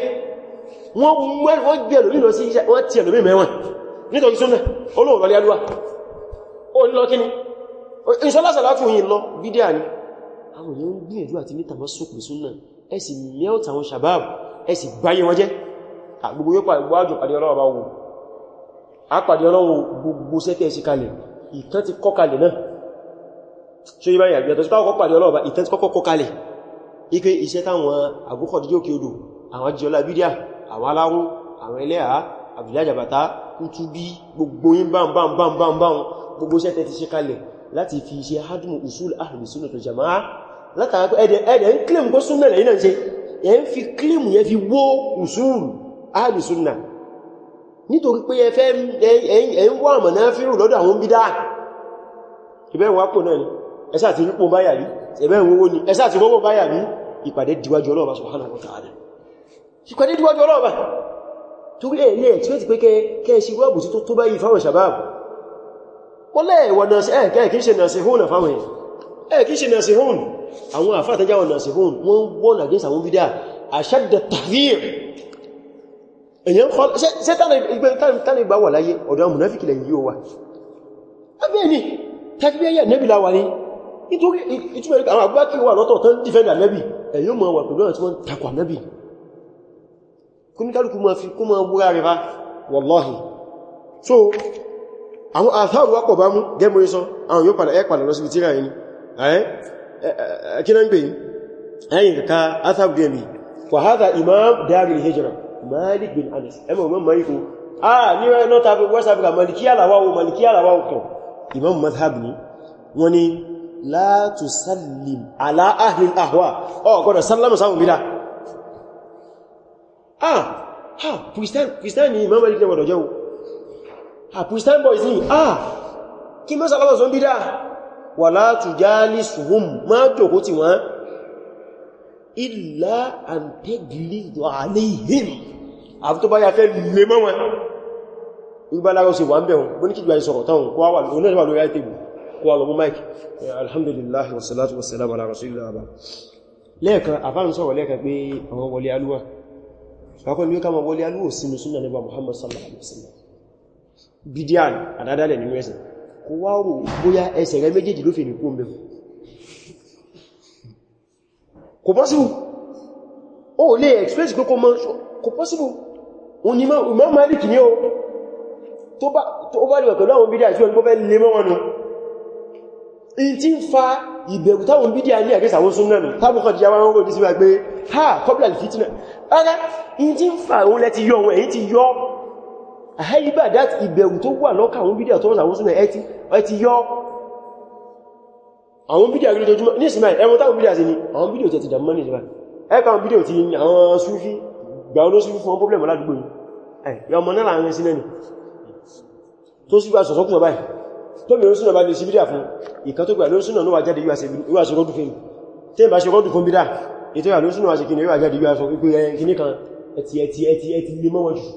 wọ́n mú ẹ̀wọ́n gbé ẹlòmí lọ sí iṣẹ́ wọ́n ti ẹlòmí mẹ́wọ̀n nítorí súnmẹ́ olóòrọ̀lẹ́ alúwà ó lọ kí ni ìṣọ́lásàlátù yìí lọ bídíà ni àwọn èèyàn ń gbìyànjú àti níta mọ́ sókùn súnmẹ́ ẹ̀sì mẹ́ọ̀tàwọn sàbábù ẹ̀sì báyé wọ́n jẹ́ àgbogbo yóò pàgbọ́ àjọ̀pàdé ọlọ́ọ̀bá wo àpàdé ọlọ́run gbogbo sẹ́tẹ̀ sí kalẹ̀ ìtàn ti kọ́ kalẹ̀ náà ṣe ibá ìyàgbé ẹ̀tọ́ sí káwọ́ pàdé ọlọ́ọ̀bá ìtàn ti kọ́kọ́ kọ́ kalẹ̀ ike iṣẹ́ táwọn agbókọ̀díjọ́ kí odò àwọn jíọlá bídíà àwọn aláwọ́ àwọn ẹlẹ́à àbìlájàbàtá kútú bí gbogbo yín bá bá bá bá bá gbogbo sẹ́tẹ̀ ti ṣe kalẹ̀ láti fi ṣe hadmu usul ahlu sunnah wal jamaa látàrí pé ẹ̀dẹ̀ ẹ̀dẹ̀ ń kílèmù kó súnnà lẹ́yìn náà ṣe ẹ̀ ń fi kílèmù yẹ fi wó usul ahlu sunnah nítorí pé ẹfẹ́ ẹ̀yìn wà mọ̀ náà fírù lọ́dọ̀ àwọn bídá ìbẹ̀rún wápò náà ni ẹsà ti rípò báyà rí ẹ̀bẹ̀rún owó ni ẹsà ti rọ́wọ́ báyà rí ìpàdé díwájú ọlọ́ọ̀bá subhanahu wa ta'ala ìpàdé díwájú ọlọ́ọ̀bá torí ẹ̀ ní ẹ̀tí pé kẹ́ ṣe wọ́bù tí tó bá yìí fáwọn ṣàbáàbù wọ́n lẹ́ẹ̀wọ̀ kìí ṣe nasihun fáwọn ẹ̀ kìí ṣe èyàn kọ́ ṣe tánà ìgbà wà láyé ọ̀dọ̀ amùnáfikì lẹ́yìn yíò wà abẹ́ni tàbíyà nẹ́bìlá wà ní nítorí ìtumẹ̀ àwọn àgbákí wà lọ́tọ̀ tán dìfẹ́ndà nẹ́bì èyí mọ̀ wà pẹ̀lú àwọn tí wọ́n takwà nẹ́bì kúníkàlùkù ma fi kúmọ̀ wúra rẹ̀ so àwọn àtàrù wà pọ̀ bá mú gẹ́mù ìsọ àwọn yóò padà ẹ́pàdà lọ síbi tíra yìí ẹ̀kí náà ń pè yìí imam dari hijra Malik bin Anas ẹmọ̀ Imam Malik o ah ní eh, North Africa West Africa Malikiya làwá o Malikiya làwá o kàn Imam mazhab ni wọ́n ni la tusallim ala ahli ahwa ọ gbọ́dọ̀ sallama sáwọn bídá ah ha Christian ni Imam Malik lẹ́wọ̀dọ̀ jẹ́ o ah Christian boys ni ah kí mọ́ sallama sáwọn bídá wala tujalisuhum má jòkó ti wọ́n illa an taglidu alayhim àfi tó bá yà fẹ́ lè mọ́ wọn ìgbàlára sí wà ń bẹ̀rún bó ní kí gbà ìsọ̀rọ̀ táwọn kó wà lónà ìwà lórí àìtèbù kó wà lọ mú mike alhamdulillah wasalatu wasalam ala rasulillah ba lẹ́ẹ̀kan àfáàn sọ̀rọ̀ lẹ́ẹ̀kan pé àwọn wọlé alúwà akọ́ ni ó ká ma wọlé alúwà sí mi súnà nípa muhammad sallallahu alaihi wasallam bidian àdádálẹ̀ nínú ẹ̀sìn kó wá rò bóyá ẹsẹ̀ rẹ méjèèjì ló fi ní kó ń bẹ̀rù kò possible ó lè express pé kó mọ́ kò possible òun ni Imam Malik ní o tó bá lè pẹ̀lú àwọn bídíà tí wọ́n gbọ́fẹ́ lè mọ́ wọn in ti ń fa ìbẹ̀rù táwọn bídíà ní àgbẹ́sà àwọn súnnà nù tábùkọ̀ jíyà wọn rò dísí wàgbé ha kọ́bílà lè fìtínà ara in fa òun lẹ ti yọ wọn èyí ti yọ àhẹ́yíbà dat ìbẹ̀rù tó wà lọ́kà àwọn bídíà tó wọ́n àwọn súnnà ni àwọn bídíò tẹ̀ ti dàmọ́ ní ìsinmi ẹ̀kọ́ àwọn bídíò ti àwọn súfí gbà olóṣùfí fún ọmọ pọ́blẹ̀mù yìí ya ọmọ náà láàrin sí lẹ́nu tó sí gbáṣọ̀ sọ́kùnmọ̀ báyìí tó mẹ́rin súnà bá lè sí bídá fún ìkan tó gbà ló súnà níwà jáde yíwá sí rọ́dù fún tí ìbá ṣe rọ́dù fún bídá ètò ìyà ló súnà wá sí kìnnì yíwá jáde yíwá sọ ipò kìnnì kan ẹ̀tì ẹ̀tì ẹ̀tì ẹ̀tì lè mọ́ wọn jù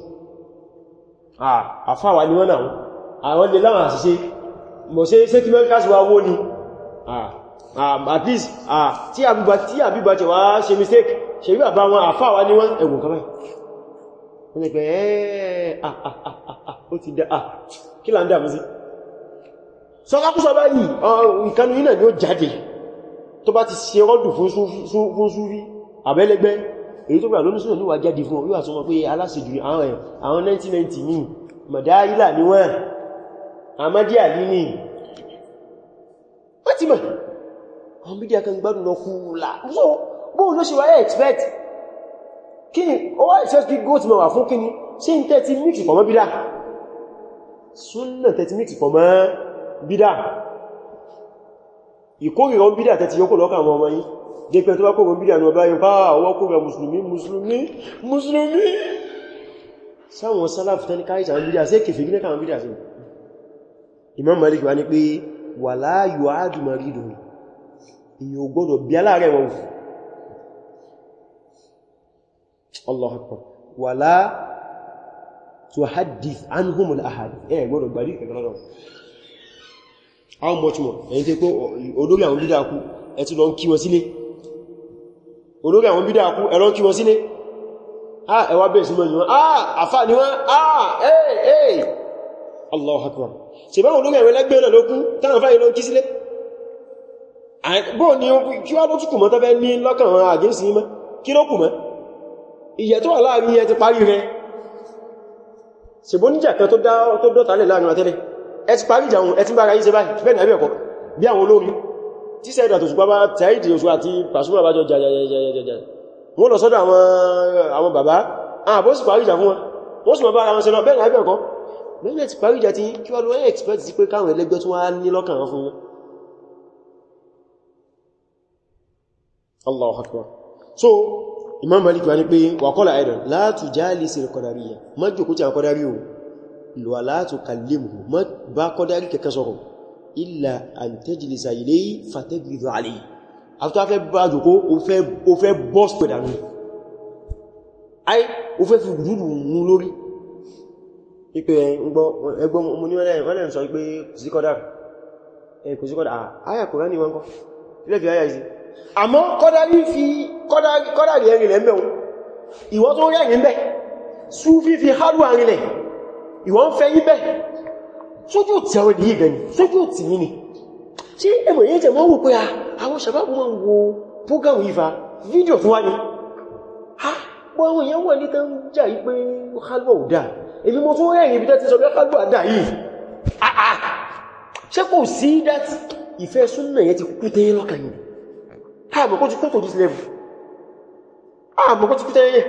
àfáwà ni wọ́n náà àwọn lè láwọn àṣìṣe mọ̀ sí ṣé kí mẹ́ríkà sí wá wó ni at least tí àbíbà tí àbíbà tẹ̀ wá ṣe mistake ṣe rí àbá wọn àfáwà ni wọ́n ẹ̀wọ̀n kan báyìí wọ́n ni pé ah, ah, ah, ó ti dá kí là ń dàmú sí sọ́kápúsọ báyìí ìkanu iná ni ó jáde tó bá ti ṣe rọ́dù fún súfí àbẹ́lẹ́gbẹ́ èyí tó gbà lónìí sínú níwà jáde fún ọ̀wíwà sọmọ pé aláṣejù àwọn 1990 ní mọ̀dáyílà ní wọ́n àmádíà ní ní wọ́n ti mọ̀ àwọn mídíà kan gbádùn lọ kúrò lá bóò ló ṣe wáyé expect kí ni ó wá ìṣẹ́ kí goat mọ̀ wà fún kí ni ṣe ń tẹ́tí mìkì pọ̀ mọ́ bídá súnnà tẹ́tí mìkì pọ̀ mọ́ bídá ìkórìrọ bídá tẹ́tí yóò kó lọ́kà àwọn ọmọ yìí dépẹ́ tó bá kó bídá ní ọba yìí bá ọwọ́ kó rẹ mùsùlùmí mùsùlùmí mùsùlùmí sáwọn sálàfù tẹ́ni káìsà àwọn bídá sí kèfè gílẹ̀ káwọn bídá sí Imam Malik wá ní pé wà láàyò áàdùmọ̀ rí ìdòrò ìyò gbọ́dọ̀ bí aláàrẹ̀ wọn fún Allahu akbar wala tuhaddith anhum al-ahadith ẹ gbọ́dọ̀ gbàdí ìkẹ̀kẹ̀lọ́dọ̀ how much more ẹni tí pé olórí àwọn bídá kú ẹ ti lọ ń kí wọn sílé olórí àwọn bídá kú ẹ lọ ń kí wọn sílé ah ẹwà bẹ̀rẹ̀ sí mọ́jú wọn ah àfà ni wọ́n ah eh eh Allahu akbar ṣe báwọn olórí àwọn ẹlẹ́gbẹ́ náà ló kú táwọn fáyé lọ ń kí sílé bóò ni kí wá ló túkù mọ́ tọ́fẹ́ ní lọ́kàn àwọn àgẹ́sì mọ́ kí ló kù mọ́ ìyẹ̀ tó wà láàrin yẹn ti parí rẹ̀ ṣèbó níjà kan tó dọ́tàlẹ̀ láàrin àtẹ́lẹ̀ ẹ ti parí ìjà ẹ ti bára yí ṣe báyìí fẹ́ nàbí ẹ̀kọ́ bí àwọn olórin tí sẹ́ẹ̀dà tó ṣùgbá bá tàídì oṣù àti pàṣúgbà bá jọ jàjàjàjàjà wọ́n lọ sọ́dọ̀ àwọn bàbá àbó sì parí ìjà fún wọn wọ́n sì mọ̀ bára wọn sẹ́nà bẹ́ẹ̀ nàbí ẹ̀kọ́ bẹ́ẹ̀ ti so imam malik wá ní pé wàkọ́lá aidan la tujalisi al-qadariyya má jòkó tí a kọ́dárí o lọ́wà la tukallimhu má bá kọ́dárí kẹkẹ sọ̀rọ̀ illa an tajlisa ilayhi fataghidu alayhi after fẹ́ bá jòkó o o fẹ́ bọ́s pẹ̀dánú ai o fẹ́ fi dúdú mú lórí ipe ẹgbọ́n mo ní wọ́n lẹ́yìn sọ pé kò sí kọ́dá àmọ́ kọ́dárí fi kọ́dárí ẹ̀rìn lẹ́mẹ́ o ìwọ tó rẹ̀rin bẹ́ súfí fi hálù àrinlẹ̀ ìwọ fẹ́ ah, yí sójú tí àwọn ìdí ìgbẹ̀ni sójú tí yí ni ṣe ẹmọ̀ yí jẹ mọ́ pé àwọn sàbábù wọn kò sí dá ìfẹ́ súnnà yẹn ti kú tẹ́yìn àmọ́ kó ti kú tó this level àmọ́ kó ti kú tẹ́yẹ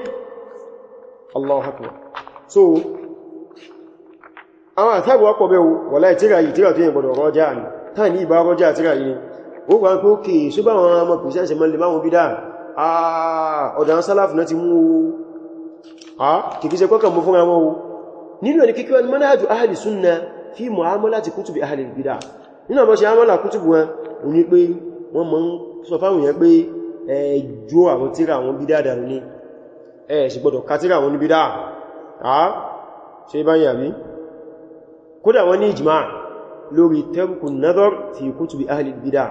so àwọn àtàbí wọ́pọ̀ bẹ́ wọ́lá ìtírà yìí tírà tó yẹ gbọdọ̀ rọ́já ní táà ní ìbá rọ́já àtírà yìí ó gbà pé ókè ṣó bá wọn ọmọ mọ́lẹ̀ máwọn bídá ọ̀dàn náà ti mú o kìí mú o nínú sọ fáwọn èèyàn pé ẹjọ́ àwọn tíra àwọn bídá dànù ní ẹ̀ sì gbọdọ̀ ká tíra àwọn bídá àá ṣe báyìí àbí kódà wọ́n ní ìjìmá lórí tarku nadhar fi kutubi ahli bídá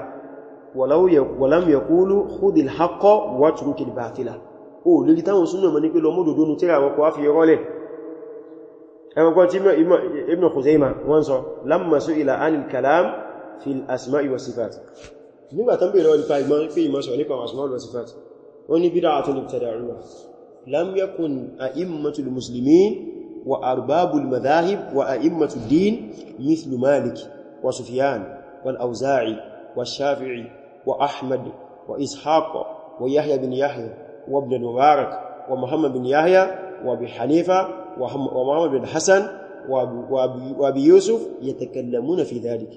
walam yaqulu khudil haqqa watrukil batila ó lórí táwọn súnmọ̀ mọ́ ní pé lọ mọ́dòdó nù tíra àwọn kò wá fi rọ́lẹ̀ ẹwọ́gbọ́n tí Ibn Khuzaymah wọ́n sọ lamma su'ila anil kalam fil asma'i wa nígbà tó ń bèèrè nípa ìgbọ́n pé ìmọ́sọ̀ nípa asmaul wa sifat wọ́n ní bid'atun ibtada'uha lam yakun a'immatul muslimin wa arbabul madhahib wa a'immatud din mithlu malik wa sufyan wal awza'i wa shafi'i wa ahmad wa ishaq wa yahya bin yahya wa ibn mubarak wa muhammad bin yahya wa bi hanifa wa muhammad bin hasan wa bi yusuf yatakallamuna fi dhalika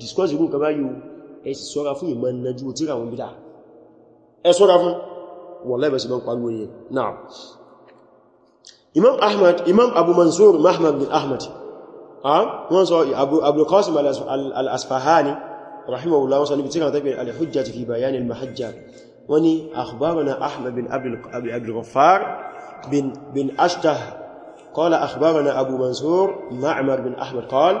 discuss irú nǹkan báyìí ẹ sì ṣọ́ra fún ìmọ̀ ìnàjú tí àwọn bídá ẹ ṣọ́ra fún wallahi lẹ́bẹ̀ se ban pàlú ye now imam ahmad imam abu mansur mahmad bin ahmad wọ́n sọ abu qasim al-asfahani rahimahullah wọ́n sọ níbi tíra tẹ́gbẹ̀ al-hujjati fi bayani al-mahajja wọ́n ni akhbarana ahmad bin abdul ghaffar bin ashtah qala akhbarana abu mansur ma'mar bin ahmad qala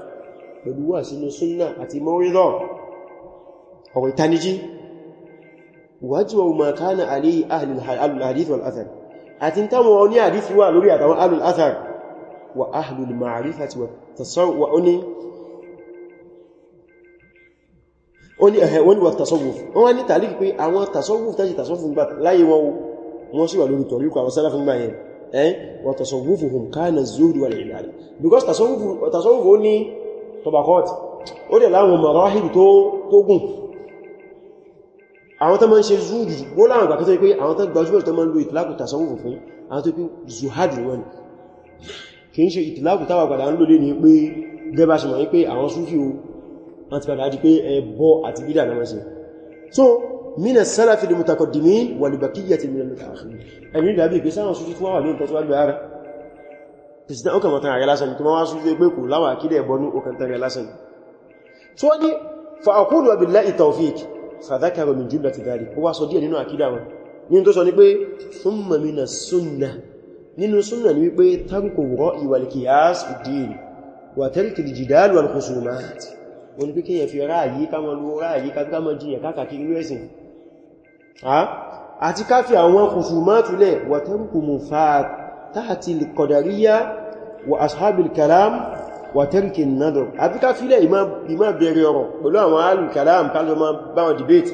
pẹ̀lú wà sínú súnnà àti mọ́rídọ̀ ọ̀rọ̀ ìtanijí wájúwà ma kánà alì ahlul hadith wal athar àti táwọn oní hadith wà lórí àtàwọn ahlul athar wa ahlul ma'rifati wa tasawuf oní wa tasawuf wọ́n ní tàlíkì pé àwọn tasawuf tàbí tasawuf gbà láyé wọn wọ́n sì wà lórí tọ̀ríkù àwọn sálàfin gbà yẹn eh wa tasawufuhum kana az wal ibada because tasawuf tasawuf ó tobacot ó dẹ̀ láwọn marahil tó gùn àwọn tó ma ń ṣe zuhudu ó láwọn gbà tó pé àwọn tó gbajúmọ̀ tó ma ń lo ìtìlákù tasawufu fún àwọn tó pé zuhadu wọn kìí ṣe ìtìlákù táwà padà ń lò lé ní pé gẹ́bà ṣe mọ̀ ní pé àwọn súfí o wọ́n ti padà di pé ẹbọ àti bídà náà sí so mina salafi al-mutaqaddimin wal baqiyyati min al-mutaakhirin ẹ̀mí dàbí ìgbésáwọn súfí tó wà lóòtọ́ tó wà lóòrẹ́ kìsìtẹ́ ọkàn mọ̀tàn àrẹ lásán tó máa súnjẹ́ pé kò láwà kí dẹ̀ bọnú ọkàn tàrẹ lásán tó ní fa'akúrù wa billahi tawfiq fàzákàrò min jùlọ ti dárí ó wá sọ díẹ̀ nínú àkídà wọn nínú tó sọ ní pé thumma mina súnnà nínú súnnà ni wípé tarku ra'i wal qiyas fi din wa tarku al-jidal wal khusumat wọn ni pé àti ká fi àwọn khusumatu lẹ̀ wa tarku mufatahatil qadariyya wa ashabil kalam wa tarki an-nadr afika file ima bẹ̀rẹ̀ ọ̀rọ̀ pẹ̀lú àwọn alul kalam kalọ ma bá wọn debate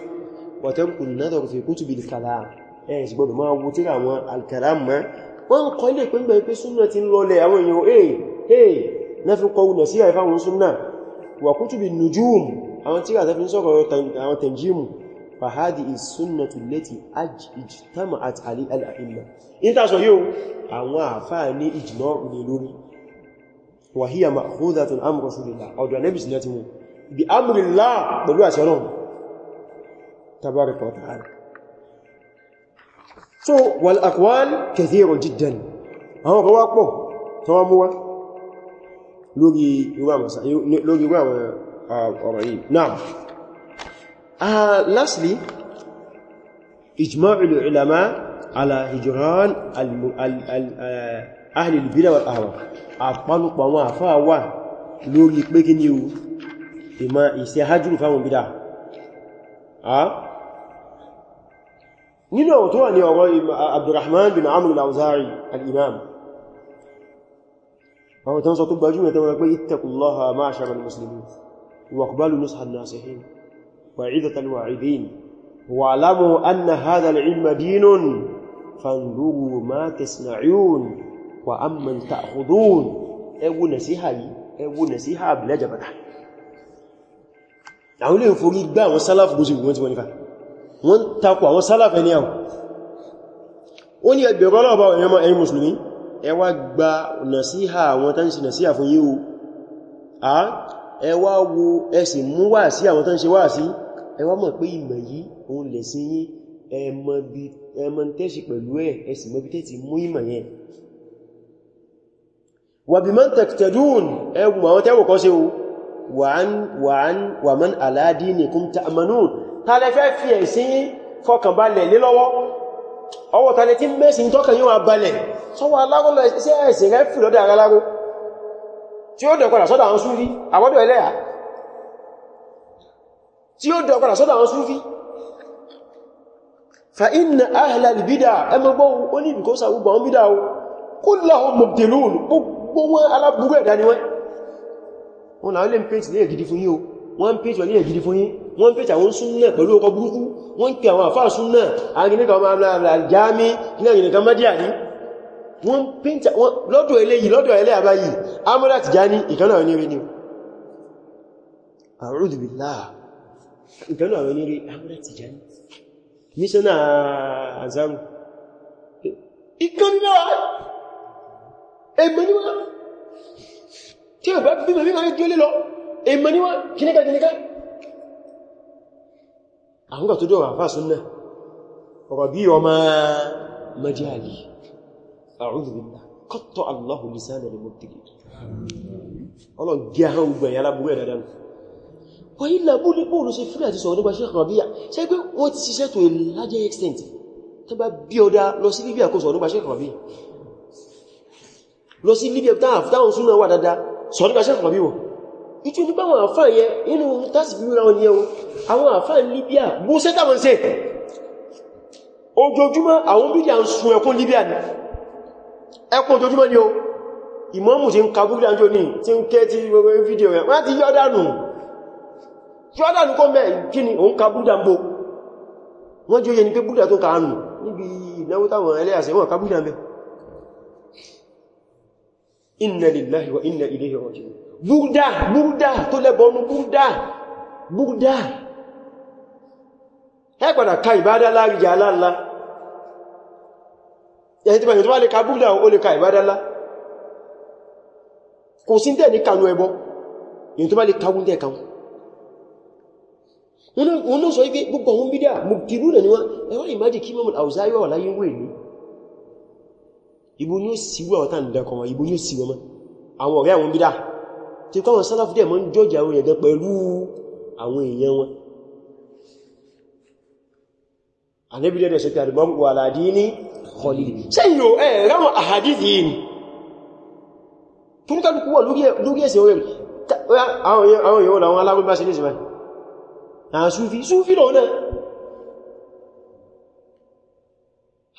wa tarki an-nadr fi kutubil kalam eh sì gbọ́dọ̀ ma wo tírà àwọn al-kalam ma wọ́n ko le pe ngbe pe sunna tin lo le àwọn èyàn eh eh na fi ko na si ai fa wọn sunna wa kutubin nujum àwọn tírà ta fi sọ ko àwọn tanjimu فهذه السنة التي اجتمعت عليها الأئمة انت سو يو àwọn àfáà ní ijma ni lórí وهي مأخوذة عن رسول الله او دون نبي سنتي مو بأمر الله pẹ̀lú àṣẹ Ọlọ́run تبارك وتعالى so والأقوال كثير جدا àwọn kan wà pọ̀ tó wá mú wá lórí irú àwọn ọ̀rọ̀ yìí náà Uh, lastly, ijma'u al-ulama ala hijran uh, ahli al-bid'a wal ahwa. Àpánupọ̀ àwọn àfáà wà lórí pé kí ni o, ìmá ìṣẹ́ hajjúrù fáwọn bídá. Nínú ọ̀tọ́ wà ní ọ̀rọ̀ uh, Abdurrahman bin Amr al-Awza'i al-Imam. Àwọn tán sọ tó gbajúmọ̀ tán wọ́n pé ittaqullaha ma'ashara al-muslimin wa iqbalu nusha an-nasihin. وعظة الواعدين واعلموا أن هذا العلم دين فانظروا ما تصنعون وأمن تأخذون ẹwú nàsíhà yìí ẹwú nàsíhà àbìlẹ́jàbàtà àwọn ilé ìforí gbá àwọn sálàfù gbóṣù wọ́n ti wọ́n nífà wọ́n takò àwọn sálàfù ẹni àwọn ó ní ẹgbẹ̀rọ ọlọ́ọ̀bá ẹ̀yọ́mọ́ ẹ̀yìn mùsùlùmí ẹ wá gba nàsíhà àwọn tán sí nàsíhà fún yíò ẹ wá wo ẹ sì mú wá sí àwọn tán sí wá sí ẹ wá mọ̀ pé ìmọ̀ yìí òun lẹ̀ sí yín ẹmọ tẹ́ṣì pẹ̀lú ẹ̀ ẹsì mọ́ bí tẹ́ ti mú ìmọ̀ yẹn wà bí mọ́n tẹ̀kẹ̀dún ẹgbùn àwọn tẹ́wọ̀ kọ́ sí o wà mọ́n aládínìkún tàmanún tààlẹ́ fẹ́ fi ẹ̀sìn fọkànbalẹ̀ lé lọ́wọ́ ọwọ́ tààlẹ́ tí mẹ́sìn tọ́kàn yíò abalẹ̀ sọ́wọ́ alágọ́ lọ ẹ̀sìn rẹ̀ fìlọ́dẹ̀ ara tí ó dẹ̀kọ́lá sọ́dọ̀ àwọn súrí àwọ́dọ̀ ẹlẹ́yà tí ó dọ̀kọ̀dà sọ́dọ̀ àwọn súnfí fa inna ahla al-bid'a ẹmọgbọ́ ó ní ìbìkó sàwúgbà wọn bídà o kulluhum mubtilun gbogbo wọn alábúrú ẹ̀dá ni wọ́n wọn náà lè ń pèsè ní ẹ̀gidi fún yín o wọ́n ń pèsè ní ẹ̀gidi fún yín wọ́n ń pèsè àwọn súnnà pẹ̀lú ọkọ̀ burúkú wọ́n pè àwọn àfáà súnnà àwọn ọmọ ìkanú àwọn onírè Ahmad Tijani mísọ́nà Azaru ìkanúwà ẹgbẹ̀niwà tí ó bá bímọ̀ bímọ̀ ní jólé lọ ẹgbẹ̀niwà kìníkà kìníkà àwọn gbà tó dọ̀wà fà súnnà ọ̀rọ̀ bí ọmọ majali a'udhu billah wọ́n yí làbú ní bóòlù ṣe fílẹ̀ àti sọ̀rọ̀ nípa Sheikh Rabia ṣe pé wọ́n ti ṣiṣẹ́ tó a larger extent tó bá bí ọdá lọ sí Libya kó sọ̀rọ̀ nípa Sheikh Rabia lọ sí Libya táwọn súnà wà dáadáa sọ̀rọ̀ nípa Sheikh Rabia wọ̀ ìtú nípa àwọn àfáà yẹ inú tásì fi ra wọn yẹ o àwọn àfáà Libya bó ṣe táwọn ṣe ojoojúmọ́ àwọn bídíà ń sun ẹkún Libya ni ẹkún ojoojúmọ́ ni o ìmọ́mù ti ń ka búrúdà ń jò ní ti ń kẹ́ ti gbogbo fídíò rẹ̀ wọ́n ti yọ́ dànù tí wá dánú kọ́ mẹ́ kí ni òun ka búdà ń bó wọ́n jí ó yẹ ni pé búdà tó ka nù níbi ìnáwó táwọn ẹlẹ́yàsẹ̀ wọ́n ka búdà mẹ́ inna lillahi wa inna ilayhi raji'un búdà búdà tó lẹ́bọnú búdà búdà ẹ padà ka ìbádá láríjà aláàlá ẹ̀yìn tí wọ́n lè ka búdà ó lè ka ìbádá lá kò sí tẹ́ ní kanú ẹbọ èyí tó bá lè kawú tẹ́ wọn náà sọ wípé gbogbo àwọn bídá mùkìrú nà ní wọ́n ẹwà ìmájì kí mọ́mù àwùzáyí wà láyé wé ní ibo ni ó síwọ́ ọ̀tá ìdákan wọn ibo ni ó síwọ́ mọ́ àwọn ọ̀rẹ́ àwọn bídá tí kọ́wọ́n sálàfù dẹ̀ mọ́ ń jọ́jì àwọn èèyàn pẹ̀lú àwọn èèyàn wọn anẹ́bídẹ́ dẹ̀ sọ́kẹ́ àdìbọ́n wà ládí ní kọlìlì sẹ́yìn ò ẹ̀ ráwọn àhàdìdì ní tó ní kálùkù wà lórí ẹ̀sẹ̀ orí àwọn èèyàn àwọn alágbébá sí ní ìsìnbáyìí مع سوفي سوفي العلماء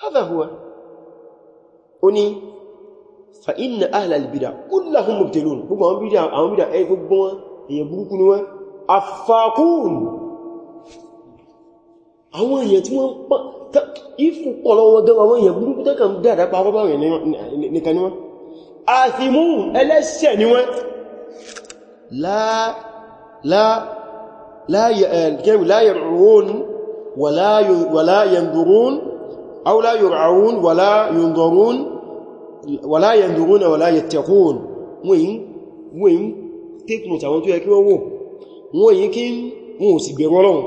هذا هو أني فإن أهل البدع كلهم مبتلون هم هم بدع هم بدع أي فبوا يبوكون أفاقون àwọn èèyàn tí wọ́n pọ̀ ìfún pọ̀lọ́wọ́ gan àwọn èèyàn burúkú tẹ́kà ń dára pàápàá rẹ̀ nìkan ni wọ́n àti mú ẹlẹ́ṣẹ̀ ni wọ́n láà لا يرعون ولا ولا ينظرون أو لا يرعون ولا ينظرون ولا ينظرون ولا يتقون وين وين take note àwọn tó yẹ kí wọ́n wò wọ́n yìí kí wọ́n sì bẹ̀rọ lọ́wọ́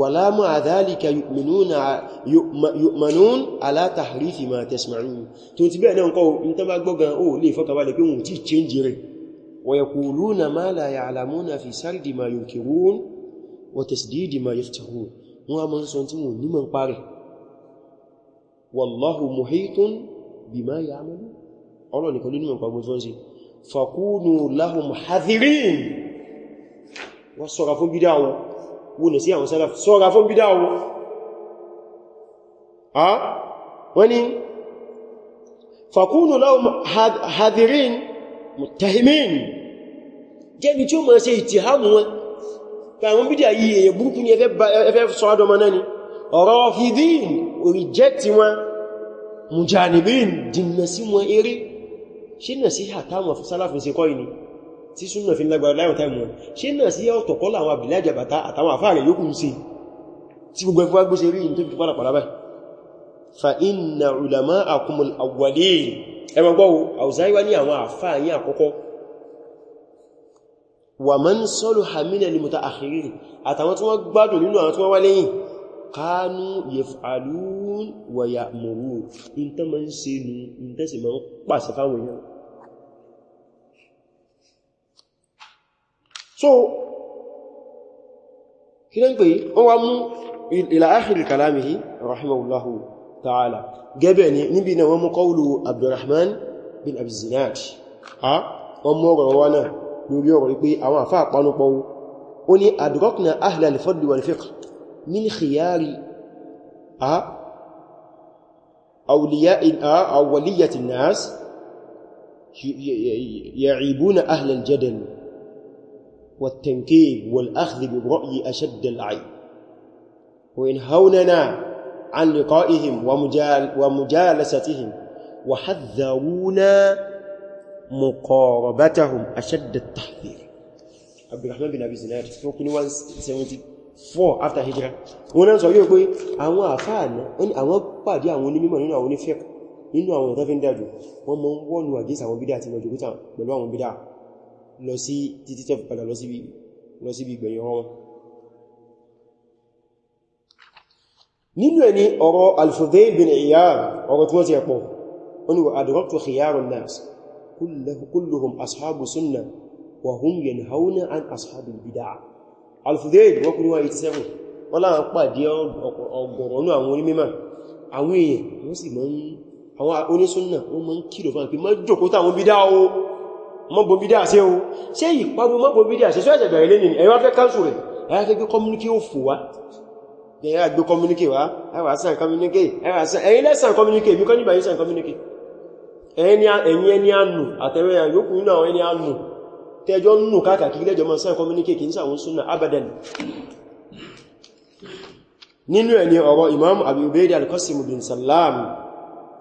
wala ma'a dhalika yu'minun ala tahrifi ma tasma'un tó ti bẹ́ẹ̀ náà kọ́ in tó bá gbọ́gan ó lè fọ́kàbalẹ̀ pé wọ́n ti change rẹ̀ wa yaquluna ma la ya'lamuna fi sardi ma yunkirun wa tasdidi ma yaftahun wọ́n a mọ́ sọ tí wọ́n nímọ̀ parẹ̀ wallahu muhitun bima ya'malu ọlọ́ nìkan nínú ọ̀pá gbogbo ṣe fakunu lahum hadhirin wọ́n sọ́ra fún bídá wọn wọ́n sí àwọn sálàf sọ́ra fún bídá wọn a wọ́n ni fakunu lahum hadhirin mutahimin jẹ́bi tí ó mọ̀ ṣe ìtìhámù wọn àwọn bídíà yìí èyẹ burúkú ní ẹfẹ́ sọ adọmọ náà ni Rafidin reject wọn Mujanibin dìnnà sí wọn eré ṣe náà sí àtàwọn sálàfin se kọ́ ìní tí súnà fi lágbàrá láyọ̀ táìmù wọn ṣe náà sí ọ̀tọ̀ kọ́ láwọn àbìlẹ̀ àjàbàtà àtàwọn àfáàrẹ̀ yóò kún sí tí gbogbo ẹfẹ́ gbóṣe rí ní tó fi pàdà pàdà báyìí wà mọ́ ń sọ́lù hamina lè mọ̀ta àkírí àtàwọn tí wọ́n gbádùn nínú àwọn tí wọ́n wá lẹ́yìn kánú yẹfàlún wàyà mọ̀wó so kí lẹ́ ń pè wọ́n wá mú ila akhiri kalamihi rahimahullahu ta'ala gẹ́bẹ̀ ni níbi na wọ́n mú qawlu Abdurrahman bin Abi Zinad ha wọ́n mú ọgbọ̀n wọ́n náà lórí ọ̀rọ̀ pé àwọn àfá àpanupọ̀ ó ní adrakna ahla al-fadl wal-fiqh min khiyari a awliyyati an-nas ya'ibuna ahla al-jadal والتنكيب والأخذ برأي أشد العيب وينهوننا عن لقائهم ومجال ومجالستهم وحذرونا muqarabatahum ashadd at-tahdhir abdurrahman bin abi zinad tó kú 174 after hijra wọ́n náà sọ yóò pé àwọn àfáàná àwọn pàdé àwọn onímọ̀ nínú àwọn onífẹ́k nínú àwọn tó fi ń dájú wọ́n mọ́ wọ́nù àgẹ́sà àwọn bídá àti lọ́jọ́gútà pẹ̀lú àwọn bídá lọ sí títí tẹ́fì padà lọ sí ibi ìgbẹ̀yìn ọwọ́ nínú ẹni ọ̀rọ̀ كلهم أصحاب سنة وهم ينهون عن أصحاب البدع الفذيل وكنوا يتسعون wọ́n láwọn pàdé ọgọ̀rọ̀ ní àwọn onímẹ́mà àwọn èèyàn wọ́n sì mọ́ àwọn onísúnnà wọ́n mọ́ ń kìlọ̀ fún àpí mọ́ jòkótà àwọn bídá o mọ́ bọ̀ bídá ṣe o ṣe ìpàdó mọ́ bọ̀ bídá ṣe ṣọ́ẹ̀ṣẹ̀ bẹ̀rẹ̀ lẹ́nìí ẹ̀yọ́ fẹ́ káńsù rẹ̀ ẹ̀yà fẹ́ gbé kọmúníkì ó fò wá ẹ̀yà gbé kọmúníkì wá ẹ̀wà sàn kọmúníkì ẹ̀yìn lẹ́sàn kọmúníkì ibi kọ́ níbà yìí sàn kọmúníkì ẹ̀yìn ẹni ànù àtẹ̀wẹ̀ àyókù nínú àwọn ẹni ànù tẹjọ nù káàkiri lẹ́jọ mọ́ sáà kọmíníkè kì ń sàwọn súnà abadan nínú ẹni ọ̀rọ̀ imam Abi Ubaida al-Qasim bin Sallam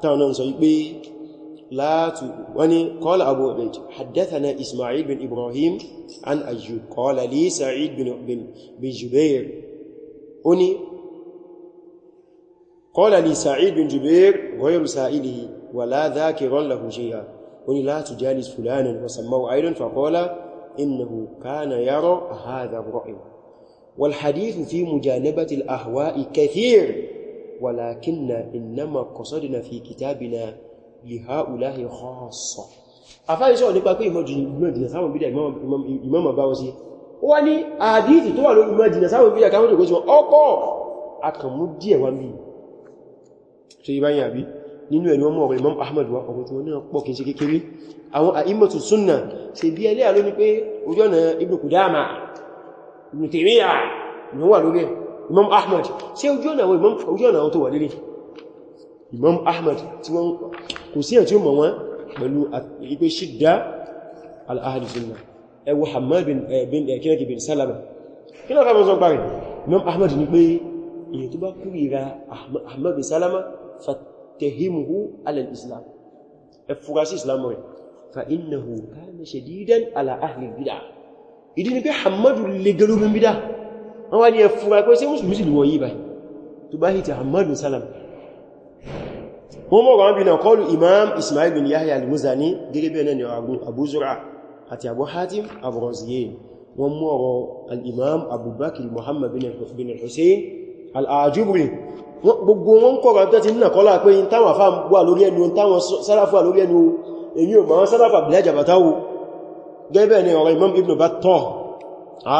táwọn sọ pé látù wani qala Abu Ubaida haddathana Ismail bin Ibrahim an Ayyub qala li Sa'id bin Jubair ó ní قال لي سعيد بن جبير غير سائله ولا ذاكرا له شيئا قل لا تجالس فلانا وسموه أيضا فقال إنه كان يرى هذا الرأي والحديث في مجانبة الأهواء كثير ولكن إنما قصدنا في كتابنا لهؤلاء خاصة afáyé sọ̀rọ̀ nípa pé ìmọ̀ jìnà sáwọn bídà imam àbáwọ́ sí wọ́n ní àdíìtì tó wà lórí ìmọ̀ jìnà sáwọn bídà káwọn jùgbọ́ sí wọn ọkọ̀ akàmú díẹ̀ wá mìí so yí báyìí àbí nínú ẹni wọ́n mọ̀ ọ̀rọ̀ Imam Ahmad wa ọ̀rọ̀ tí wọ́n náà pọ̀ kí n ṣe kékeré àwọn àìmọ̀tù súnnà ṣe bí ẹlẹ́ àlọ́ ní pé ojú ọ̀nà Ibn Qudama Ibn Taymiyyah ni wọ́n wà lórí Imam Ahmad ṣe ojú ọ̀nà àwọn tó wà lórí Imam Ahmad tí wọ́n kò sí ẹ̀ tí ó èyàn tó bá kúrìra Ahmad bin Salama fatahimuhu ala al-islam ẹ fura sí islam rẹ̀ fa innahu kana shadidan ala ahli bid'ah ìdí ni pé hamadu lè gẹ́lú bí bídá wọ́n wá ní ẹ fura pé sí mùsùlùmí sí wọ́n yí báyìí tó bá hìtì hamadu bin Salama wọ́n mọ̀ wọ́n bí náà al hussein al-ajubri gbogbo wọn kọ̀rọ̀ tó ti nàkọ́lá pé in táwọn àfáà wà lórí ẹnu táwọn sálàfà lórí ẹnu èyí ò máa sálàfà bìlẹ̀ jàbátáwò gẹ́gẹ́ ni ọ̀rọ̀ imam ibn battah a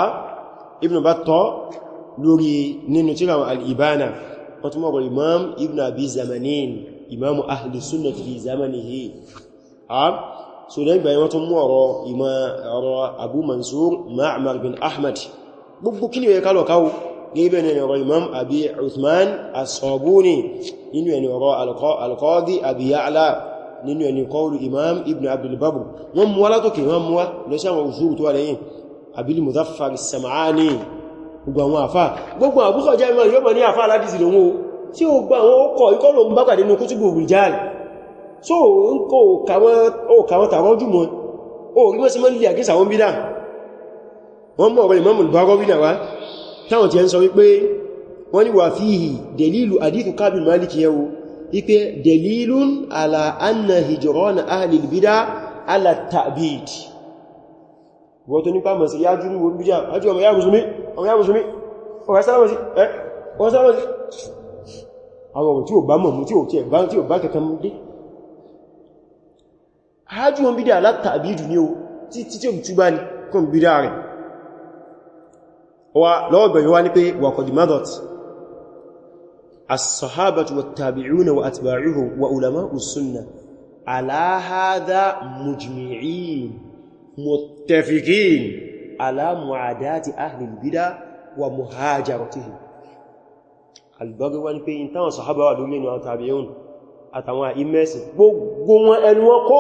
ibn battah lórí nínú tíra al-ibana wọ́n tún mọ́rọ̀ imam ibn abi zamanin imam ahli sunnati fi zamanihi a so lẹ́yìn bayan wọ́n tún mú ọ̀rọ̀ gbogbo kí ni ó yẹ kálọ̀ níbẹ̀ ni ọ̀rọ̀ imam abi uthman as-sabuni nínú ẹni ọ̀rọ̀ al-qadi abi ya'la nínú ẹni qawlu imam ibn abdul barr wọ́n mú wá látòkè wọ́n mú wá lọ sí àwọn òṣùrù tó wà lẹ́yìn abil muzaffar as-sam'ani gbogbo àwọn àfá gbogbo àbúkọ̀ jẹ́ imam yóò mọ̀ ní àfá aládìsì lòun o tí ó gba àwọn ọkọ̀ ikọ́ lòun bá pàdé ní kútùbù rijal wọ́n mọ̀ ọ̀rọ̀ imam al-barawi náà wá táwọn ti ẹ ń sọ wípé wọ́n ni wà fíhì dalilu adithu kábin maliki yẹwo wípé dalilun ala anna hijrana ahlil bida ala ta'bid wọ́n tó nípa masu yájú ní wọ́n bíjá ajú ọmọ yá musulmi ọmọ yá musulmi ọ̀rẹ́ sáramasi ẹ́ wọ́n sáramasi àwọn ọ̀rọ̀ tí ó bá mọ̀ mú tí ó tí ẹ̀ bídá wa lọ́gbẹ̀rẹ̀ wá ní pé wa qad madat as-sahabatu wat-tabi'una wa atba'uhum wa ulama'u sunnah ala hadha mujmi'in muttafiqin ala mu'adati ahli al-bid'ah wa muhajaratihim al-baghi wá ní pé in táwọn sahaba wà lórí àwọn tabi'un àtàwọn àìmẹ́sì gbogbo wọn ẹnu wọn kó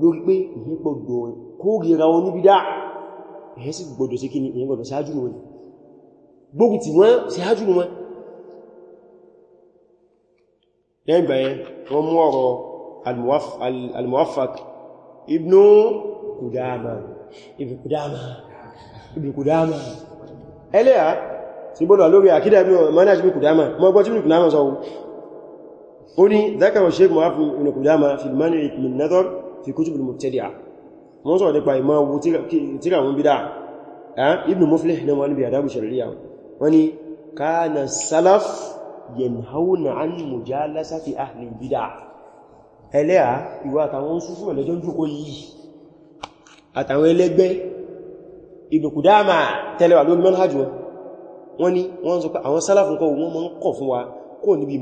lórí pé ìyípo gbòòrò kó ríra oníbídá èyí sì gbọdọ̀ sí kíni èyí gbọdọ̀ ṣáájú wọn gbógun tí wọ́n ṣáájú wọn lẹ́yìn báyẹn wọ́n mú ọ̀rọ̀ al-Muwaffaq ibn Qudama ibn Qudama ibn Qudama ẹlẹ́yà tí gbọdọ̀ lórí àkídà manaj ibn Qudama mọ́ gbọ́ tí ibn Qudama sọ ó ní dhakara Sheikh Muwaffaq ibn Qudama fi al-mani' min an-nadhar fi kutub al wọ́n sọ̀rọ̀ nípa ìmọ̀ owó tíra wọn bídá Ibn Muflih ní wọ́n níbi àdábù ṣàríyà wọ́n ni kana salaf yanhauna an mujalasati ahli bídá ẹlẹ́à ìwà àtàwọn súsù ẹlẹ́jọ́ jùkó yìí àtàwọn ẹlẹ́gbẹ́ Ibn Qudama tẹ́lẹ̀wà lórí manhajù wọ́n ni wọ́n sọ pé àwọn salaf nǹkan wọ́n mọ́ ń kọ̀ fún wa kó níbi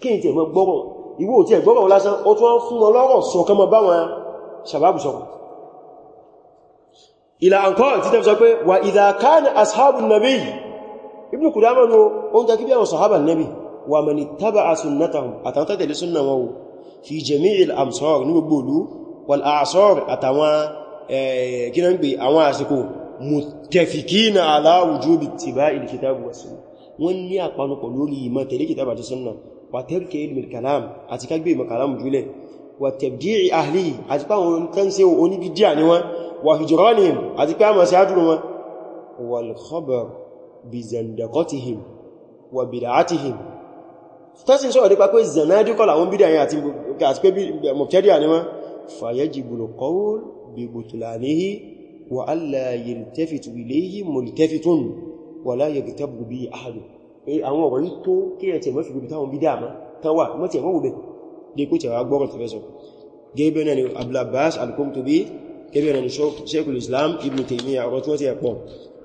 kí n tí ẹ̀mọ́ gbọ́rọ̀ ìwò tí ẹ̀gbọ́rọ̀ lásán ó tún wọ́n fún ọlọ́rọ̀ sọ kán mọ báwọn sàbábù sọ ìlà àǹkọ́ tí tẹ́ sọ pé wà ìdàkánà ashabu nabi ibn kudama no ó ń takí bí àwọn sahaba nabi wa mani taba a sunnatahum àtàwọn tẹ̀lé sunna wọn o wọ́n ní àpanupọ̀ lórí ìmọ̀ tẹ̀lé kitabu àti sunna wa tarki ilmi al-kalam àti ká gbé ìmọ̀ kalam jùlẹ̀ wa tabdi'i ahli àti pa wọn tán ṣe oni bidia ni wọ́n wa hijranihim àti pa ma ṣe aduru wọn wal khabar bi zandaqatihim wa bid'atihim tọ́sí sọ́rọ̀ nípa pé zanadikọ́ làwọn bídà yẹn bí bùtùlàníhì wà alla yaltafitu ilayhi multafitu wà la àwọn ọ̀rọ̀ yìí tó kí ẹ̀ tẹ̀mọ́ fìgbìbì táwọn bídá àmá tán wà mọ́ tẹ̀mọ́ wùbẹ̀ dé kó tẹ̀wà gbọ́rọ̀ tẹ̀fẹ́ sọ gẹ́gẹ́ náà ni abdullabas al-Qurtubi gẹ́gẹ́ náà ni sheikhul islam ibn Taymiyyah ọ̀rọ̀ tí wọ́n ti ẹ̀pọ̀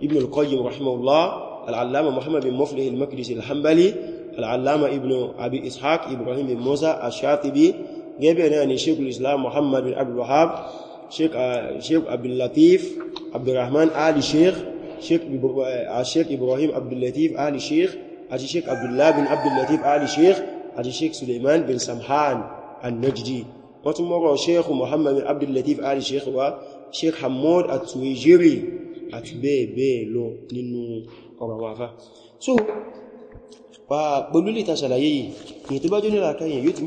ibn al-Qayyim rahimahullah al-allama muhammad bin muflih al-Maqdisi al-Hanbali al-allama ibn abi ishaq ibrahim bin musa ash-Shatibi gẹ́gẹ́ náà ni sheikhul islam muhammad bin abdul uh, sheikh ibrahim abdul ali sheikh àti sheik abdullahi bin abdullatif ali sheik àti sheik suleiman bin samhan al-najdi wọ́n tún mọ́rọ̀ sheik muhammad bin abdullatif ali sheik wa sheik hamad at-tuwaijiri àti bẹ́ẹ̀ bẹ́ẹ̀ lọ nínú ọ̀rọ̀ wọn afá so pẹ̀lú lè ta ṣàlàyé yìí èyí tó bá jẹ́ nílà káyẹ̀ yóò tí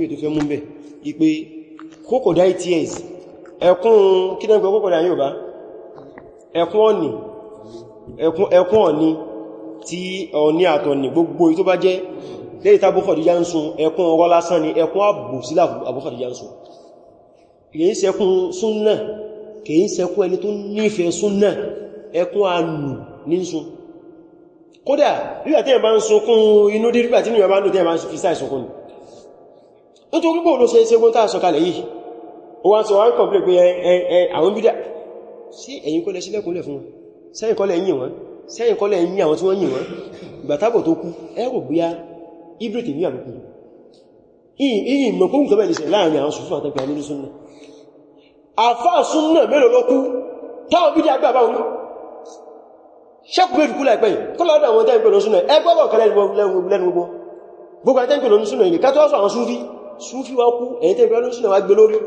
ọ̀nì tí ọ̀ní àtọ̀nì gbogbo tó bá jẹ́ lẹ́yìn tí Abúkọ̀díjá ń sun ẹkún ọ̀rọ̀ lásán ni ẹkún ààbò sí Abúkọ̀díjá ń sun kìí sẹkún súnnà kìí sẹkún ẹni tó nífẹ̀ẹ́ súnnà ẹkún ànù ní sun kódà nígbà tí ẹ̀bá ń sunkún inú dí nígbà tí ní ẹ̀bá ń lò tí ẹ̀bá ń fi sáì sunkún nítorí pò ló ṣe ṣegun tàà sọkalẹ̀ yìí ó wá sí ẹ̀yìn kọ́lẹ̀ sílẹ̀kúnlẹ̀ fún wọn sẹ́yìn kọ́lẹ̀ yìí wọn sẹ́yìn kọ́lẹ̀ yìn àwọn tí wọ́n yìn wọ́n ìgbàtàbò tó kú ẹ̀rọ bíyá ibrit ní àlùkù ìyìn mọ̀kún kẹ́bẹ̀ lè ṣe láàrin àwọn sùfún àtàgbà nínú súnnà àfáà súnnà mélòó ló kú táwọn bídí àgbà báwọn ṣẹ́kùnbé ìdúkú láìpẹ́ kọ́lọ́dọ̀ àwọn tẹ́ ìpẹ̀lú súnnà ẹgbọ́bọ̀ kẹlẹ́ lẹ́nu gbogbo gbogbo àtẹ́ ìpẹ̀lú súnnà ìlú kátọ́ àwọn súnfí súnfí wá kú ẹ̀yìn tẹ́ ìpẹ̀lú súnnà wá gbé lórí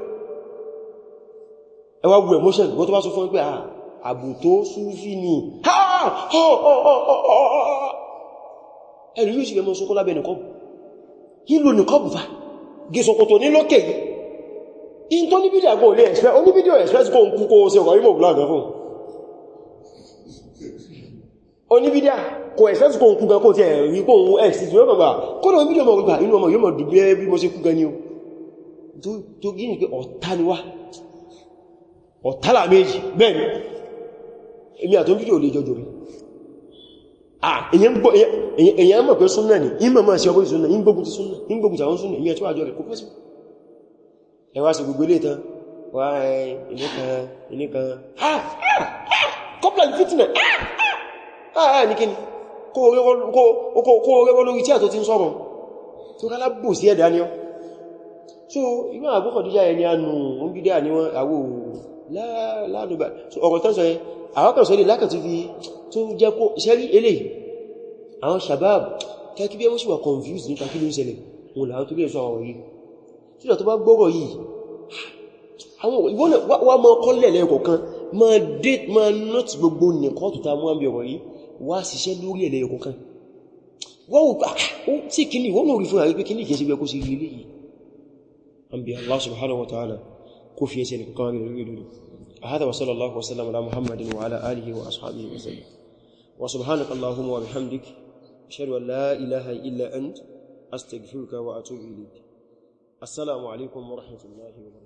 ẹwà gbogbo emotion gbogbo tó bá sọ fún pé ah, àbùtó súnfí ni ha ah oh oh oh oh oh ẹ̀rù yóò sì fẹ́ mọ́ sókó lábẹ́ nìkan ìlò nìkan bùfà gẹ̀ẹ́sọ̀kòtò ní lókè in tó ní bídíà gọ́ olè ẹ̀ṣẹ́ oní bídíò express kó ń kú kó ṣe wàrí mọ̀ blog fún oní bídíà kò express kó ń kú gan kó ti ẹ̀rí kó ń x tí ó gbàgbà kó lọ bídíò mọ̀ gbà inú ọmọ yóò mọ̀ dùgbẹ́ bí mo ṣe kú gan ni o tó gíní pé ọ̀tá ni wá ọ̀tá làmẹ́jì bẹ́ẹ̀ ni èmi àtọ́ bídíò lè jọjọ rí èyàn mọ̀ pé súnnà ní ìmọ̀ máa sí ọgbọ́n ìsúnnà ìgbógun ti súnnà ìgbógun tàwọn súnnà ìyẹn tó àjọ rẹ̀ kò pẹ́ sí ẹwà sí gbogbo ilé tán wà ẹnìkan ẹnìkan kọ́pùlà fìtínà ní kí ni kó rẹwọ́ lórí tí àtò ti ń sọ́rọ̀ tó kálá bò sí ẹ̀dá ni ọ́ so ìwọ̀n àgbọ́kọ̀ díjá ẹni anù ń bídá ni wọ́n àwọ̀ láàrùn àwọ́kàn sọ́lé lákà tó fi tó jẹ́ kó sẹ́rí elé àwọn shabab kẹ́kí bí ẹ mọ́ sí wà confused nípa kí ló ń ṣẹlẹ̀ òun làwọn tó bí ẹ̀sọ́ àwọn yìí tí ó tó bá gbọ́rọ̀ yìí àwọn ìwọ́nà wà mọ́ kọ́lẹ̀ lẹ́ẹ̀kọ̀kan ma date ma not gbogbo nìkan tó ta mọ́ àmì ọ̀rọ̀ yìí wá ṣiṣẹ́ lórí ẹ̀lẹ́ẹ̀kọ̀kan wọ́n ah, tí kìíní wọ́n lórí fún àrípé kìíní kìí sí bẹ́ẹ̀ kó sí rí ilé yìí àmì Allah subhanahu wa ta'ala kó fi ẹsẹ̀ nìkan rí lórí lórí وهذا وصلى الله وسلم على محمد وعلى آله وأصحابه وسلم وسبحانك اللهم وبحمدك أشهد أن لا إله إلا أنت أستغفرك وأتوب إليك السلام عليكم ورحمة الله وبركاته